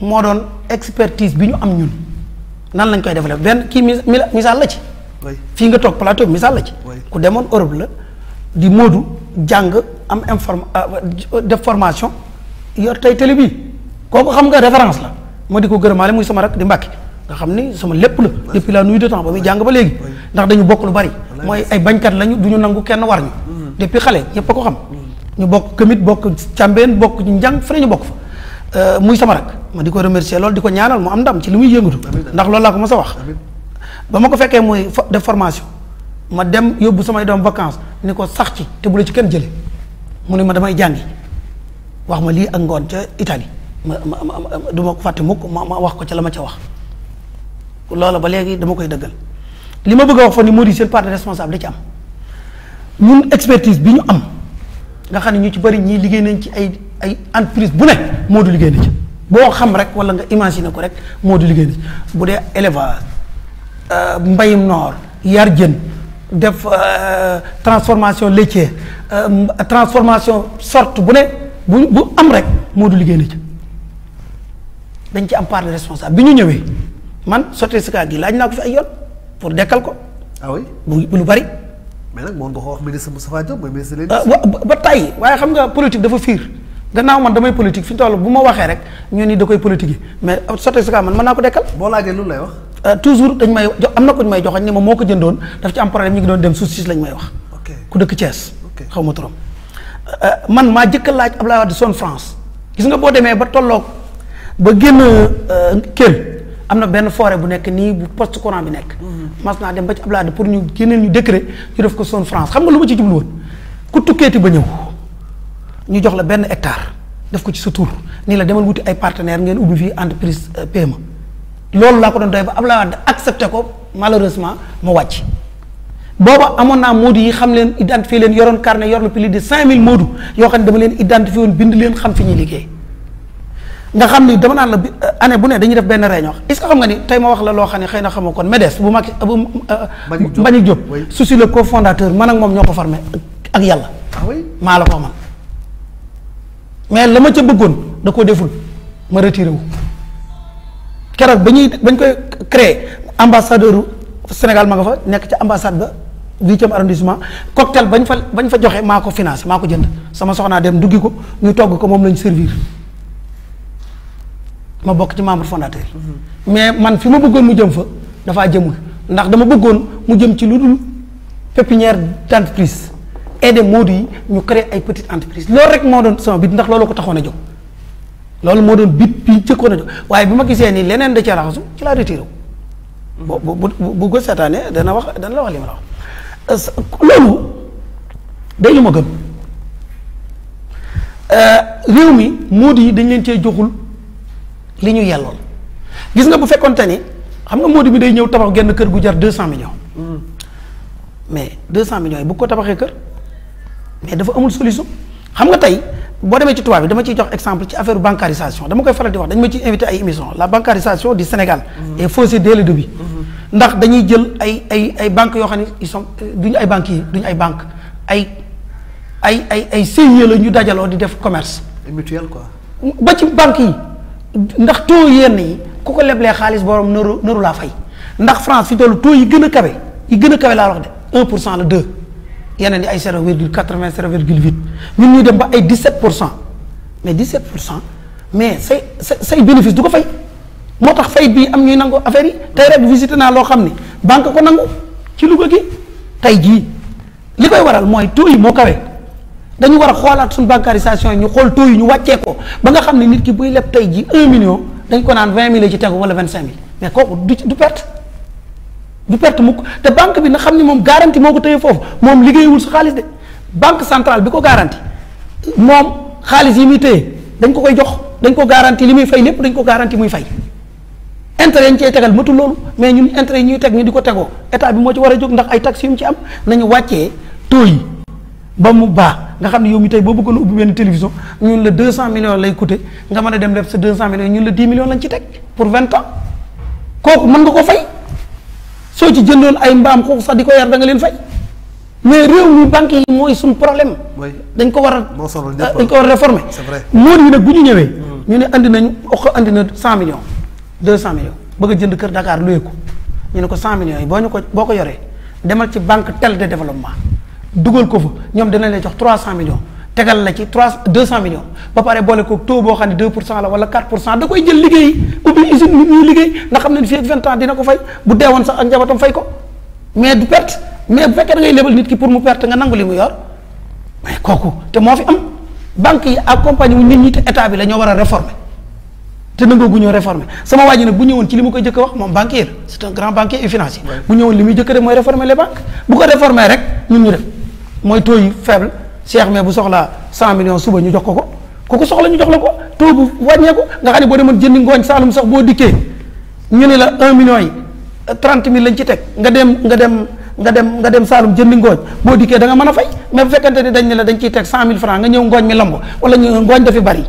mo doon expertise bi ñu am ñun nan lañ koy défalé ben ki misal la ci fi nga tok plateau misal la ci ku démon Europe la di modu jang am inform ah, de formation yor tay télé bii kooku xam nga référence la mo di ko muy sama rak di mbacké nga xam ni sama lépp la depuis la nuit de temps ba muy jang ba légui ndax dañu bokku lu bari moy ay bañkat lañu duñu ñu nangu kenn warñu depuis xalé ñepp ko xam ñu bok kemit bok ciamben bok jang fere ñu bok fa euh muy sama rak ma diko remercier lool diko ñaanal mu am ndam ci limuy yëngutu ndax lool la ko mësa wax bama ko fekke muy de formation ma dem yobbu sama dom vacances niko sax ci te bu ci kenn jëlé mu ne ma damay jangi wax ma li ak ngon ci italy ma duma ko fatte mukk ma wax ko ci lama ci wax loola ba legi dama koy deugal lima bëgg wax fa ni modi sen part de responsable da ci am ñun expertise bi ñu am nga xam ne ñu ci bari ñii liggéey nañ ci ay ay entreprise bu ne moo du liggéey na ci boo xam rek wala nga imaginer ko rek moo du liggéey na ci bu dee élevage euh, mbayum noor yar jën def euh, transformation laitier euh, transformation sorte bu ne bu bu am rek moo du liggéey na ci dañ ci am part de responsable bi ñu ñëwee man sotti si gi laaj naa ko fi ay yoon pour dekkal ko ah oui lu bari
mais nag moom nga ko wax ministre Moustapha Diop mooy ministre de euh,
ba tey waaye xam nga politique dafa fiir gannaaw man damay politique fi ñu toll bu ma waxee rek ñu ni da koy politique yi mais euh, sotti si kaa man mën naa ko dekkal. boo laajee lu lay wax. Euh, toujours dañ may jox am na ku ñu may joxoon ne ma moo ko jëndoon daf ci am problème ñu ngi doon dem suuf si lañ may wax. ku dëkk Thiès. xaw ma trop. man maa jëkk laaj Abdoulaye Wade son France gis nga boo demee ba tolloog ba génn kër. amna na benn forêt bu nek ni bu poste courant bi nek masna dem ba ci Ablaye pour ñu gënal ñu décré ñu def ko son France xam nga luma ci jublu won ku tukkeeti ba ñew ñu jox la benn hectare def ko ci sa tur nii la demal wuti ay partenaire ngeen ubbi fi entreprise euh, PME. loolu la ko don doy ba Ablaye Wade accepté ko malheureusement mo wacc boba amona modou yi xam leen identifier leen yoron carnet yorlu la de 5000 modou yo xam dama leen identifier won bind leen xam fi ñi liggéey. nga xam ni dama naan la euh, année bu ne dañuy def benn réunion est-ce que xam nga ni tey ma wax la loo xam ne xëy na xamoo kon MEDES bu mag bu euh, Mbagnick Diop su si le cofondateur man ak moom ñoo ko formé ak yàlla ah maa la ko man mais la ma ca bëggoon da ko deful ma retiré wu keroog ba ñuy ba ñu koy créé ambassadeur Sénégal ma nga fa nekk ca ambassade ba huitième arrondissement cocktail bañ fa bañ fa joxe maa ko financé maa ko jënd sama soxnaa dem duggi ko ñu togg ko moom lañ servir ma bokk ci membre fondateur mais man fi ma bëggoon mu jëm fa dafaa jëmul ndax dama bëggoon mu jëm ci lu dul pépinière d' entreprise aider yi ñu créer ay petite entreprise loolu rek moo doon sama bit ndax loolu ko taxoon a jóg loolu moo doon bit bi njëkkoon a jóg waaye bi ma gisee nii leneen da cee raxasu ci laa retiré dana wax dana wax li ma la wax day lu ma gëm euh, réew mi moodu yi dañ leen cee joxul. li ñu yellool gis nga bu fekkon tane xam nga Modou day ñew tabax genn kër gu jar 200 millions mais 200 millions bu ko tabaxee kër mais dafa amul solution xam nga tay bo démé ci tubaab bi dama ci jox exemple ci affaire bancarisation dama koy faral di wax dañ ma ci invité ay émission la bancarisation du Sénégal est faussée dès le début ndax dañuy jël ay ay ay banque yo xam ils sont duñ ay banquier duñ ay banque ay ay ay ay CIE la ñu dajalo di def commerce mutuel quoi ba ci banque yi ndax taux yenn yi ku leblee xaalis borom fay France fi taux yi gën a yi gën de 1 pour 2 yeneen yi ay 0 virgule 80 ñun 17 mais 17 mais c'est say bénéfice du ko fay moo tax bi am ñuy nangu affaire yi rek banque ko nangu ci à gi tey jii li koy waral dañu wara a sun suñ bancarisation ñu xol toy ñu wacce ko ba nga xamni nit ki buy lepp tay ji 1 million dañ ko naan 20000 ci tegu wala 25000 mais koku du du perte du perte mu te banque bi na xamni mom garantie moko ko fofu mom moom liggéeyul sa xaalis de banque centrale bi ko garantie mom xaliss yi mi tëye dañ ko koy jox dañ ko garantie limi fay lepp dañ ko garantie muy fay intérêt ñu cey tégal matul lool mais ñun intérêt yi ñuy tégg ñu diko téggo état bi mo ci wara a ndax ay taxi yu ci am nañu wacce toy ba mu baax nga xam ne yow mi tey boo bëggoon télévision ñun la 200 millions lay coûter nga mën a dem ces 200 millions ñun la 10 millions lañ ci pour 20 ans Quoi, mën nga ko fay soo ci jëndoon ay mbaam xuux sax di ko yar da nga leen fay mais réew mi banque yi mooy suñ problème. dañ ko war ah, dañ ko réformer. c'est vrai Nous, yi nag bu ñu ñëwee. 100 mm. millions 200 millions bëgg a jënd kër Dakar luye ko ñu ne ko 100 millions yi boo ñu ko boo ko yoree ci banque tel de développement. dugal ko fa ñoom dinañ lay jox 300 millions tegal la ci 3 200 millions ba paré bolé ko taux bo xamni 2 la wala 4 da koy jël liggéey ubbi usine nit ñuy liggéey na xamna ni fii 20 ans dina ko fay bu déwon sax ak njabootam fay ko mais du perte mais bu fekkee da ngay lebal nit ki pour mu perte nga nangul limu yor mais koku té mo fi am banque yi accompagner wu nit ñi té état bi la ñoo wara réformer té nangoo gu ñoo réformer sama waji nak bu ñewon ci limu mu koy jëkk wax mom banquier c'est un grand banquier et financier bu ñewon limu jëk jëkk rek mooy réformer les banques bu ko réformer rek ñun ñu def moy taux yu faible cheikh mais bu soxla 100 millions suba ñu jox ko ko ko ko soxla ñu jox la ko taux bu wagne ko nga xam bo demone demoon jëndi ngooñ saalum sax bo dikkee ñu ne la 1 million 30 000 lañ ci tek nga dem nga dem nga dem nga dem salum jëndi ngoñ bo dikkee da nga mëna fay mais bu fekkante ni dañ ne la dañ ci tek 100 000 francs nga ñew ngoñ mi lamb wala ñu ngoñ dafi bari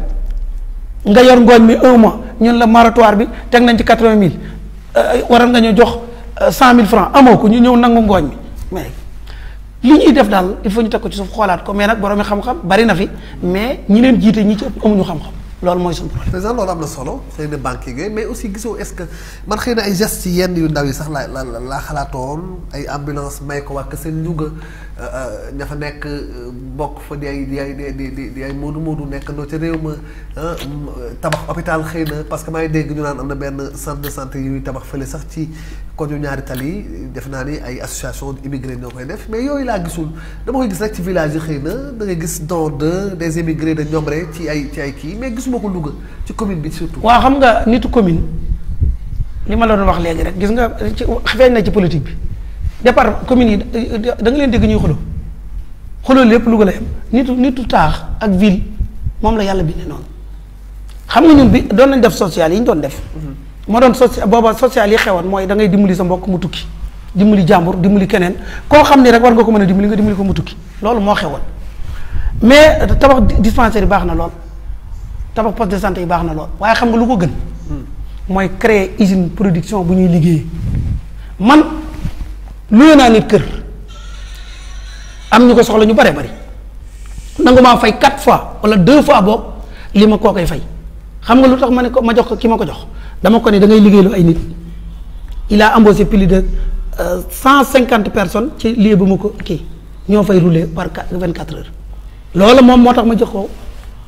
nga yor ngoñ mi 1 mois ñun la maratoire bi tek nañ ci 80 000 euh, waral nga ñu jox 100 euh, 000 francs amoko ñu ñew nangu ngoñ mi mais li ñuy def daal il faut ñu teg ko ci suuf xoolaat ko mais nag borom xam-xam bari na fi mais ñi leen jiite ñi ci ëpp amuñu xam-xam loolu mooy suñu problème. président loolu am na solo xëy na banque yooyu mais aussi gisoo est-ce que man xëy
na ay gestes yenn yu ndaw yi sax la la la xalaatoon ay ambulance may ko wax que seen Louga ña euh, fa nekk euh, bokk fa di ay di ay di di di ay moodu moodu nekk ndoo ca réew ma ah, tabax hôpital xëy na parce que maa ngi dégg ñu naan am na benn centre de santé yuy tabax fële sax ci koñu ñaari tali yi def naa ni ay association immigré ñoo koy def mais yooyu laa gisul dama koy gis rek ci village yi xëy na da gis don de des immigrés de Ñomre ci ay ci ay kii mais gisuma ko Louga ci commune bi surtout.
waa xam nga nitu commune li ma la doon wax léegi rek gis nga ci feeñ na ci politique bi. départ commune yi da nga leen dégg ñuy xuloo xuloo lépp Louga la nit nitu nitu taax ak ville moom la yàlla bindee noonu xam nga ñun bi doon nañ def social yi ñu doon def. Mhm. moo doon social booba social yi xewoon mooy da dimbali sa mbokk mu tukki dimbali jàmbur dimbali keneen koo xam ne rek war nga ko mën a dimbali nga dimbali ko mu tukki loolu moo xewoon mais tabax dispensaire yi baax na lool tabax poste de santé yi baax na lool waaye xam nga lu ko gën. Hmm. mooy créer usine production bu ñuy liggéey luye naa nit kër am ñu ko soxla ñu bare bari nanguma fay 4 fois wala 2 fois boog li ma koo koy fay xam nga lu tax ma ne ko ma jox ko ki ma ko jox dama ko ne da ngay liggéeylu ay nit il a embauché plus de 150 euh, personnes ci lieu bu ma ko kii ñoo fay rouler par 24 heures loolu moom moo tax ma jox ko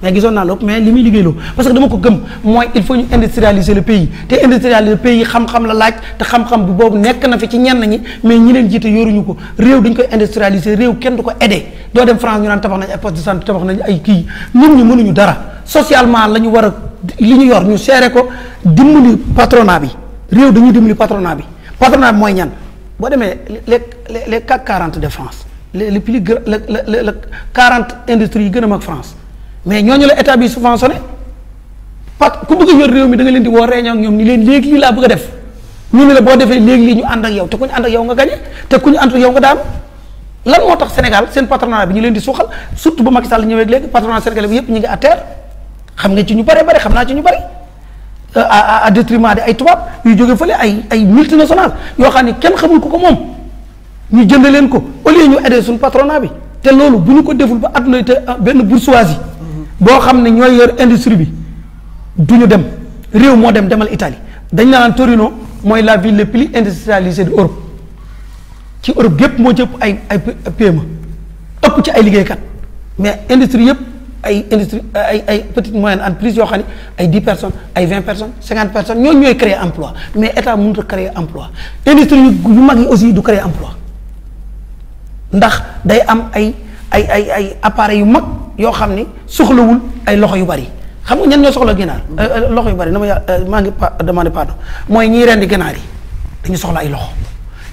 mais gisoon naa mais li muy parce que dama ko gëm mooy il faut industrialiser le pays te industrialiser le pays xam-xam la laaj te xam-xam bu bobu nek na fi ci ñenn ñi mais ñi leen jiite yoruñu ko réew dañ ko industrialiser rew kenn du ko aidé doo dem France ñu nan tabax nañ ay poste de santé tabax nañ ay ki ñun ñu mënuñu dara socialement lañu wara war li ñu yor ñu seere ko dimbali patronat bi rew dañu dimbali patronat bi patronat moy ñan bo démé les les CAC 40 de France les les plus le 40 industries yi gën a France. mais ñoo ñu la état bi subventionné parce que ku bëgg a yor da nga leen di woo réunion ak ñoom ni leen léegi laa bëgg a def ñu ne boo defee léegi ñu ànd ak yow te ku ñu ànd ak yow nga gañe te ku yow nga daanu lan moo tax Sénégal seen patronat bi ñu leen di suuxal surtout ba Macky Sall ñëwee léegi patronat sénégalais bi yëpp ñu ngi à terre ci ñu bare bare xam naa ci ñu bare euh, à détriment de ay tubaab yu jóge fële ay ay multinational yoo xam ne kenn xamul ko ko moom ñu jënd leen ko au lieu ñu aider suñu patronat bi te loolu bu ñu ko deful ba àdduna te euh, benn bourgeoisie bo xamné ñoy yor industrie bi duñu dem réew mo dem demal italie dañ la torino la ville le plus industrialisée d'europe ci europe gep mo jëpp ay ay pme top ci ay kat mais l'industrie, yep ay industrie ay petite moyenne entreprise yo xani 10 personnes ay 20 personnes 50 personnes elles ñoy créer emploi mais état mënu créer emploi industrie L'industrie mag yi aussi du créer emploi ndax day am ay ay ay yu mag yoo xam ni soxlawul ay loxo yu bari xam nga ñenn ñoo soxla ginaar mm. eh, eh, loxo yu bari na ma eh, maa ngi demandé pardon mooy ñiy rendi ginaar yi dañu soxla ay loxo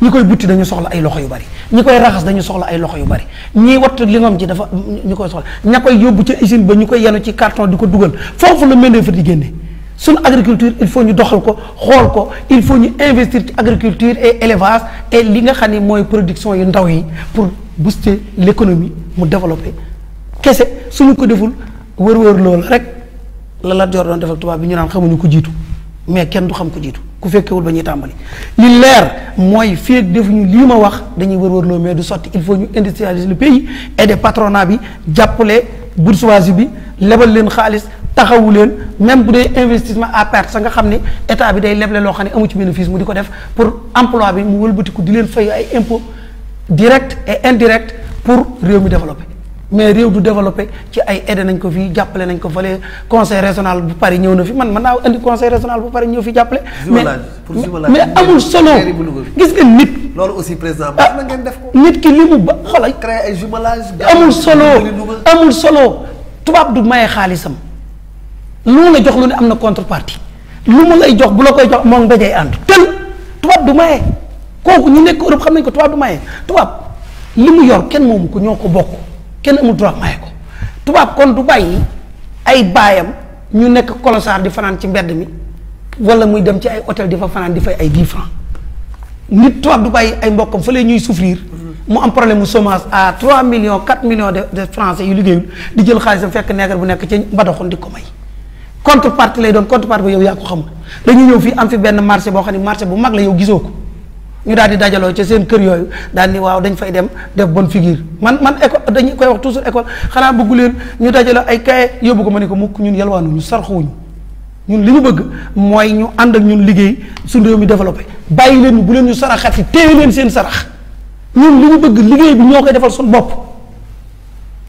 ñu koy butti dañu soxla ay loxo yu bari ñu koy raxas dañu soxla ay loxo yu bari ñi wattu li ngoom ji dafa ñu koy soxla ña koy yóbbu ca usine ba ñu koy yenu ci carton di ko dugal foofu la mën fa di génne suñu agriculture il faut ñu doxal ko xool ko il faut ñu investir ci agriculture et élevage li nga xam ne mooy production yu ndaw yi booster l'économie mu développer kese suñu ko deful wër-wër loolu rek la la jor doon defal tuba bi ñu naan xamuñu ko jitu mais kenn du xam ko jitu ku fekkewul ba ñuy tàmbali li leer mooy fii ak defuñu lii ma wax dañuy wër-wër loolu mais du sotti il faut ñu industrialiser le pays aider patronat bi jàppale bourgeoisie bi lebal leen xaalis taxawu leen même bu dee investissement à perte sa nga xam ne état bi day leble loo xam ne amu ci bénéfice mu di ko def pour emploi bi mu wëlbatiku di leen fay ay impôt direct et indirect pour réew mi développer mais réew du développer ci ay aide nañ ko fi jàppale nañ ko volé conseil régional bu Paris ñëw na fi man man na andi conseil régional bu Paris ñëw fi jàppale. mais mais amul solo. gis nga nit.
lolu aussi président
na ngeen def ko. Ah, nit ki limu mu ba xoolal. créer ay jumelage. amul solo amul solo tubaab du maye xaalisam lu la jox lu ne am na contrepartie lu mu lay jox bu la koy jox moom dajay and tël tubaab du maye. kooku ñu nekk Europe xam nañ ko tubaab du maye tubaab li mu yor kenn moomu ko ñoo ko bokk kenn amul droit maye ko tubaab kon du bàyyi ay baayam ñu nekk kolosaar di fanaan ci mbedd mi wala muy dem ci ay hôtel di fa fanaan di fay ay 10 francs nit tubaab du bàyyi ay mbokkam fa lay ñuy souffrir mu am problème mu chômage à 3 millions 4 millions de de français yu liggéeyul di jël xaalisam fekk neegar bu nekk ci mbadoxoon di ko may contrepartie lay ñëw fii am benn marché boo xam ne marché bu mag la yow gisoo ko ñu daal di dajaloo ci seen kër yooyu daal ni waaw dañ fay dem def bonne figure man man école dañuy koy wax toujours école xanaa bëggu leen ñu dajaloo ay kaye yóbbu ko ma ne ko mukk ñun yalwaanu ñu sarxuwuñu ñun li ñu bëgg mooy ñu ànd ak ñun liggéey suñu réew mi développé bàyyi leen ñu bu leen ñu saraxati téye leen seen sarax ñun li ñu bëgg liggéey bi ñoo koy defal suñu bopp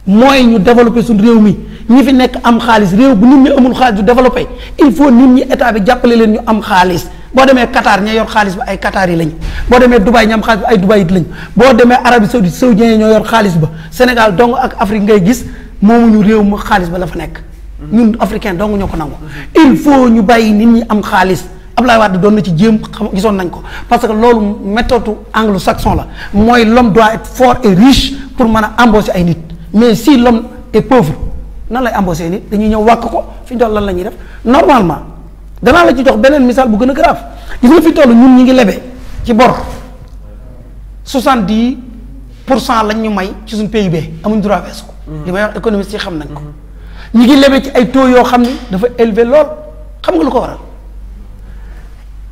mooy ñu développé suñ réew mi ñi fi nekk am xaalis réew bu nit ñi amul xaalis du développé il faut nit ñi état bi jàppale leen ñu am xaalis boo demee Qatar ña yor xaalis bi ay Qatar yi lañ boo demee Dubaay ña am xaalis bi ay Dubaay it lañ boo demee Arabie Saoudite saoudien yi ñoo yor xaalis ba Sénégal dong ak Afrique ngay gis moomuñu réew ma xaalis ba la fa nekk. ñun africain dong ñoo ko nangu. il faut ñu bàyyi nit ñi am xaalis Abdoulaye Wade doon na ci jéem xam gisoon nañ ko parce que loolu méthode anglo-saxon la mooy l'homme doit être fort et riche pour mën a embaucher ay nit mais si l'homme est pauvre na lay embaucher nit dañuy ñëw wàkk ko fi ñu doon la ñuy def normalement. danaa la ci jox beneen misaal bu gën a grave gis nga fi toll ñun ñu ngi lebe ci bor soixante di pour cent lañ ñu may ci suñ PIB amuñ droit weesu ko. Mm-hmm. li may wax économiste yi xam nañ ko. Mm-hmm. ñu ngi lebe ci ay taux yoo xam ni dafa élevé lool xam nga lu ko waral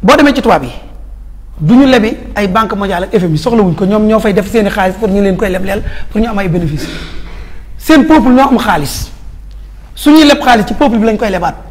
boo demee ci tubaab yi du ñu lebi ay banque mondiale ak FMI soxlawuñ ko ñoom ñoo fay def seeni xaalis pour ñu leen koy lebleel pour ñu am ay bénéfice seen peuple ñoo am xaalis su ñuy leb xaalis ci peuple bi lañ koy lebaat.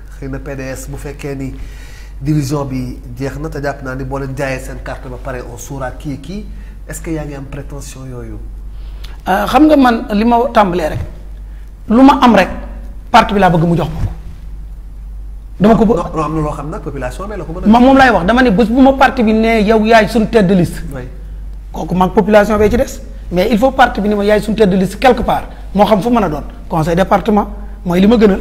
xëy na PDS bu fekkee ni division bi jeex na te jàpp naa ni boo leen jaayee seen
carte ba pare au suura kii kii est-ce que yaa ngi am prétention yooyu. Euh, xam nga man li ma tàmbalee rek lu ma am rek parti bi laa bëgg mu jox ko.
dama ko bëgg am na loo xam nag population bi la ko mën a.
moom laay wax dama ne bés bu ma parti bi ne yow yaay suñu tête de liste. kooku mag population bee ci des mais il faut parti bi ni ma yaay suñu tête de liste quelque part moo xam fu mën a doon conseil département mooy li ma gënal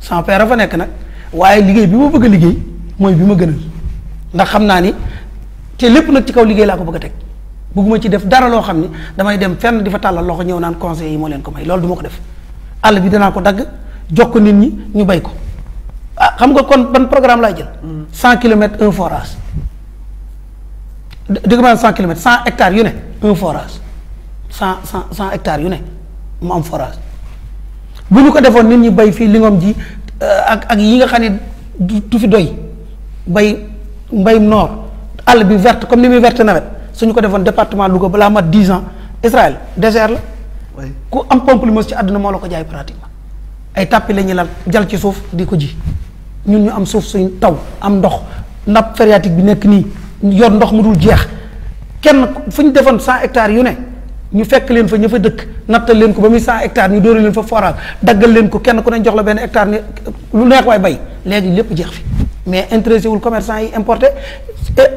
sans père a fa nekk nag. waye liggey bi mo bëgg liggey moy mooy bi ma gënal ndax xamna ni té lepp nak ci kaw liggey la ko bëgg tek bëgguma ci def dara lo xamni damay dem fenn di talal loxo ñew naan conseil yi mo leen ko may loolu duma ko def all bi dana ko dag jox ko nit ñi ñu bay ko ah xam nga kon ban programme lay jël. 100 km 1 forage dëgg ma 100 km 100 hectares yu ne 1 forage 100 100 100 hectares yu ne mu am forage buñu ko defoon nit ñi bay fi lingom ji ak ak yi nga xam ne du fi doy bay mbayum noor àll bi verte comme ni muy verte nawet suñu ko defoon département Louga balaa mat dix ans Israël désert la ku am pamplemousse ci àdduna moo la ko jaay pratiquement ay tàppi la ñuy lal jal ci suuf di ko ji ñun ñu am suuf suñ taw am ndox nappe phréatique bi nekk nii yor ndox mu dul jeex kenn fu ñu defoon cent hectares yu ne ñu fekk leen fa ña fa dëkk nattal leen ko ba muy cent hectares ñu dóor leen fa forage daggal leen ko kenn ku ne jox la benn hectare ne lu neex waay bay léegi lépp jeex fi mais intéressé wul commerçant yi importé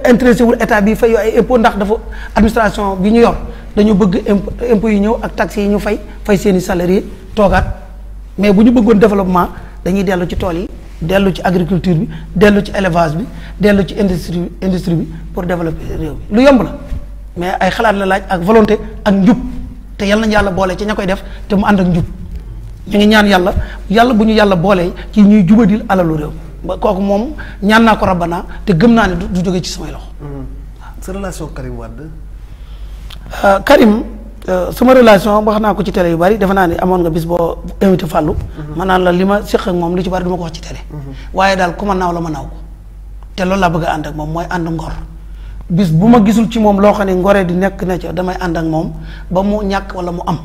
intéressé wul état bi fay ay impôt ndax dafa administration bi ñu yor dañu bëgg impôt yi ñëw ak tax yi ñu fay fay seen i salariés toogaat mais bu ñu bëggoon développement dañuy dellu ci tool yi dellu ci agriculture bi dellu ci élevage bi dellu ci industrie industrie bi pour développer réew bi lu yomb la mais ay xalaat la laaj ak volonté ak njub te yal nañu yàlla boole ci ña koy def te mu ànd ak njub ñu ngi ñaan yàlla yàlla bu ñu yàlla boole ci ñuy jubadil alalu réew ba kooku moom ñaan naa ko rabbana te gëm naa ne du jóge ci samay loxo. Mm-hmm.
sa relation Karim Wade.
Euh, Karim euh, suma wax naa ko ci télé yu bari defe naa ni amoon nga bis boo invité Fallou. Mm-hmm. ma naan la li ma séq ak moom li ci bari du ko wax ci télé. Mm-hmm. waaye daal ku ma naaw la ma naaw ko te loolu laa bëgg a ànd ak moom mooy ànd ngor. bis buma gisul ci mom lo xane ngoré di nek na ci damay and ak mom ba mu ñak wala mu am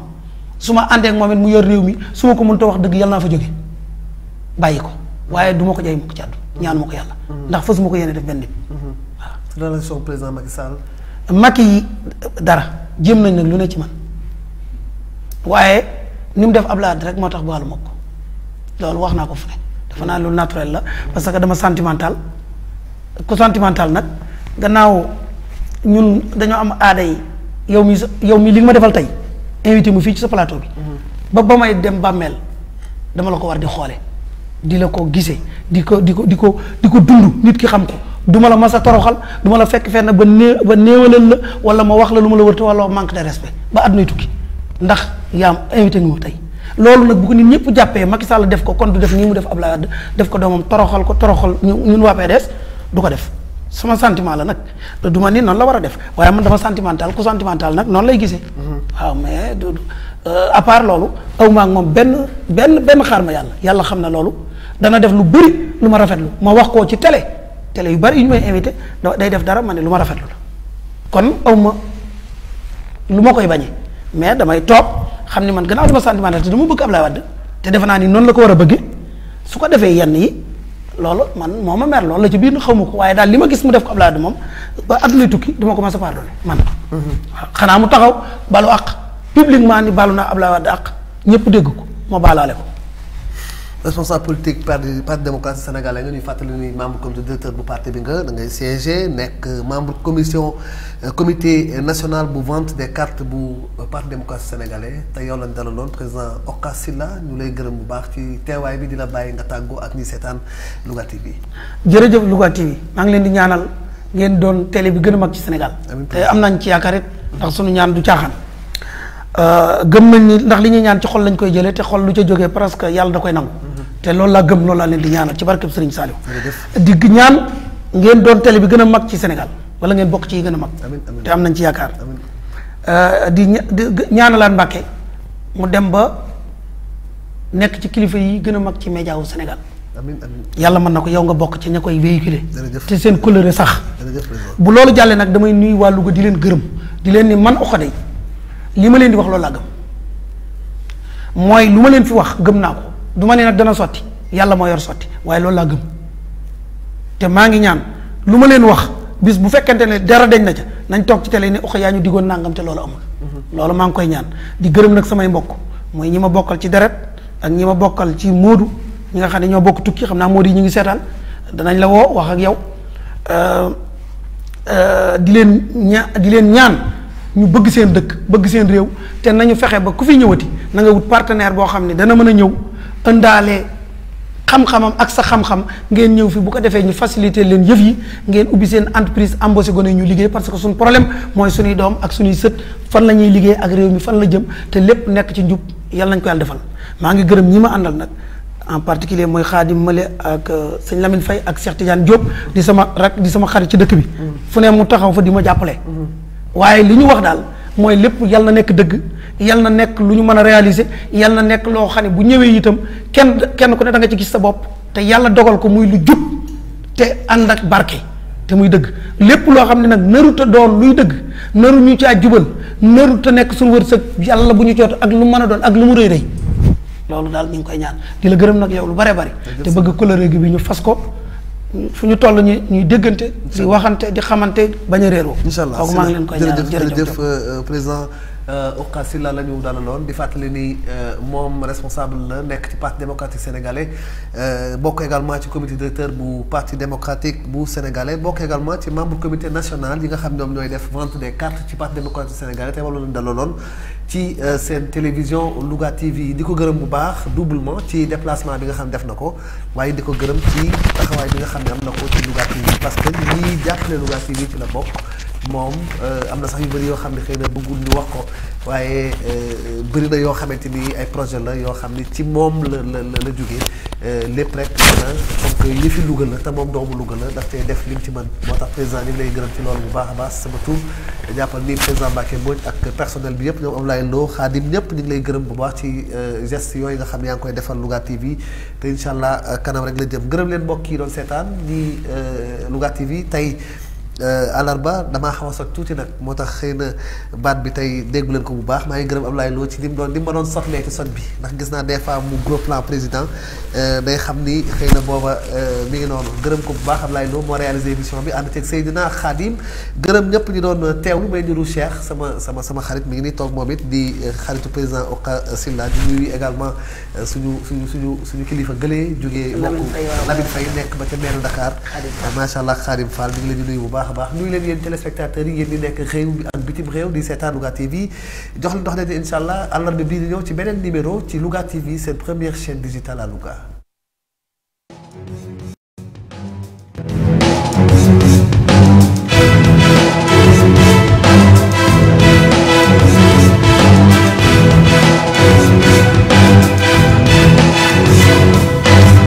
suma ande ak momit mu yor rew mi suma ko mënta wax deug yalla na fa joggé bayiko waye waaye ko jey mu ko ci ñaan ma ko ndax fas ma ko def ben nit so mm-hmm. président Macky Sall Macky dara jëm nañ nak lu ne ci man waaye ni def ablad rek motax tax baalu ma wax naa ko dafa na lu naturel la parce que dama sentimental ko sentimental nak gannaaw ñun dañoo am aada yi yow mi yow mi li nga ma defal tey invité mu fii ci sa plateau bi. Mhm. ba ba may dem bàmmeel dama la ko war di xoole di la ko gisee di ko di ko di ko di ko dund nit ki xam ko duma la mas a toroxal duma la fekk fenn ba nee ba néewalal la wala ma wax la lu ma la wërte wala manque de respect ba àddunay tukki ndax yaa invité nga ma tey. loolu nag bu ko nit ñëpp jàppee Macky Sall def ko kon du def nii mu def Abdoulaye Wade def ko doomam toroxal ko toroxal ñu ñun waa PDS du ko def. sama sentiment la nag du ni non la wara def waye man dama sentimental ku sentimental nak non lay gisee. waaw mais euh a part lolu ben ak mom ben ben ben xarma yalla yalla xamna lolu dana def lu lumara lu ma rafetlu ma wax ko ci télé télé yu bari yu ñu may invité day def dara ma ne lu ma rafetlu kon awma ma lu ma koy bañé mais damay top xamni man gannaaw dama sentimental te dama bëgg Ablaye wad te defe naa ni non la ko wara bëgg su ko yenn yi. loolu man moo ma mer loolu la ci biir xamu ko waaye daal li ma gis mu def ko Abdoulaye moom ba at lay tukki duma ko mas a pardonné man. xanaa mu taxaw balu àq publiquement ni balu naa Abdoulaye Wade àq ñëpp dégg ko ma baalaale ko. responsable politique parti parti
démocratie sénégalais nga ñuy fàttali ni membre comité directeur du parti bi nga da ngay siégé nekk membre commission euh, comité national bu vente des cartes du euh, parti démocratie sénégalais te yow lañ président Oka nous ñu lay gërëm bu baax ci teewaay bi di la bàyyi nga tàggoo ak ñi seetaan
Louga TV. jërëjëf Louga TV maa ngi leen di ñaanal ngeen doon télé bi gën mag ci Sénégal. te am nañ ci yaakaar it ndax ñaan du caaxaan. Euh, gëm nañ ni ndax li ñuy ñaan ci xol lañ koy jëlee te xol lu ca jógee presque yàlla da koy te loolu laa gëm loolu laa leen di ñaanal ci barkeb Serigne Saliou digg ñaan ngeen doon télé bi gën a mag ci senegal wala ngeen bokk ci yi gën a mag te am nañ ci yaakaar euh, di ñaanalaan Mbàkke mu dem ba nekk ci kilifa yi gën a mag ci média wu Sénégal yàlla mën na ko yow nga bokk ci ña koy véhiculer te seen coloré sax bu loolu jàllee nag damay nuyu waa Louga di leen gërëm di leen ni man oxaday li ma leen di wax loolu laa gëm mooy lu ma leen fi wax gëm naa ko duma ne nak dana soti yalla mo yor soti waaye loolu la gëm te ma ngi ñaan luma wax bis bu fekkante ne dara deñ na ca nañ tok ci tele ne oxe yañu digon nangam te loolu amul mhm. loolu ma ngi koy ñaan di gërëm nak samay mbokk moy ñima bokkal ci deret ak ñima bokkal ci modu ñi nga xam ñoo bokk tukki xamna modi ñi ngi sétal danañ la wo wax ak yow euh, euh, di leen di leen ñaan ñu bëgg seen dëkk bëgg seen réew te nañu fexé ba ku fi ñëwati na nga wut partenaire bo xamni dana mëna ñëw ëndaale xam-xamam ak sa xam-xam ngeen ñëw fi bu ko defee ñu facilité leen yëf yi ngeen ubbi seen entreprise embauché gone ñu liggéey parce que suñu problème mooy suñuy doom ak suñuy sët fan la ñuy liggéey ak réew mi fan la jëm te lépp nekk ci njub yàlla nañ ko yàlla defal maa ngi gërëm ñi ma àndal nag en particulier mooy Xaadim Male ak euh, sëñ Lamine fay ak Cheikh Tidiane Diop di sama rak di sama xarit ci dëkk bi mm. fu ne mu taxaw fa di ma jàppale mm. waaye li ñu wax daal mooy lépp yal na nekk dëgg yal na nekk lu ñu mën a réaliser yal na nekk loo xam ne bu ñëwee itam kenn kenn ku ne da nga ci gis sa bopp te yàlla dogal ko muy lu jub te ànd ak barke te muy dëgg lépp loo xam ne nag naruta doon luy dëgg naru ñu caa jubal naruta nekk suñu wërsëg yàlla bu ñu coot ak lu mën a doon ak lu mu rëy rëy loolu daal ñu ngi koy ñaan di la gërëm nag yow lu bare bari te bëgg coloré gi bi ñu fas ko fu ñu toll ñu ñuy déggante. di waxante di xamante bañ a réeroo. incha allah ngi leen koy ñaanal jërëjëf euh,
président. Uqa euh, Sylla la ñu dalaloon di fatali ni euh, mom responsable la nek ci parti démocratique sénégalais euh, bokk également ci comité directeur bu parti démocratique bu sénégalais bokk également ci membre comité national yi nga xam ñoom def vente des cartes ci parti démocratique sénégalais té walu lañ dalaloon ci sen télévision Louga TV diko gëreum bu baax doublement ci déplacement bi nga xam def nako waye diko gëreum ci taxaway bi nga xam am nako ci Louga TV parce que japp jàppale Louga TV ci la bokk moom euh, am na sax yu bëri yoo xam ne xëy na bëggul ñu wax ko waaye euh, bëri na yoo xamante ni ay projet la yoo xam ni ci moom la la la jógee euh, lépp rek na comme que yëfi Louga la te moom doomu Louga la daf cee def li mu ci mën moo tax président ñu ngi lay gërëm ci loolu bu baax a baax sama tur jàppal ni président Mbacke ak personnel bi yëpp ñoom am laay loo xaadim ñëpp ñu lay gërëm bu baax ci geste yooyu nga xam yaa ngi koy defal Louga TV te incha allah kanam rek la jëm gërëm leen mbokk yi doon seetaan ñi Louga TV tey Euh, ba damaa xaw a sot tuuti nag moo tax xëy na baat bi tey déggu leen ko bu baax maa ngi gërëm Ablaye Lo ci li mu doon li ma doon sotlee ci sot bi ndax gis naa des fois mu gros plan président euh, day xam ni xëy na booba euh, mi ngi noonu gërëm ko bu baax Ablaye Lo moo réalisé émission bi ànd ceeg Seydina Khadim gërëm ñëpp ñu doon teewlu may niru Cheikh sama sama sama xarit mi ngi nii toog moom it di xaritu président Oka Silla di nuyu également suñu suñu suñu suñu kilifa gëlee jógee bokk Lamine Faye nekk ba ca meeru Dakar macha allah Khadim la ñu bu baax baax a baax nuyu leen yéen téléspectateurs yi yéen di nekk réew bi ak bitim réew di seetaan Louga TV jox leen dox ne di incha allah àllarba bii di ñëw ci beneen numéro ci Louga TV seen première chaîne digitale à Louga.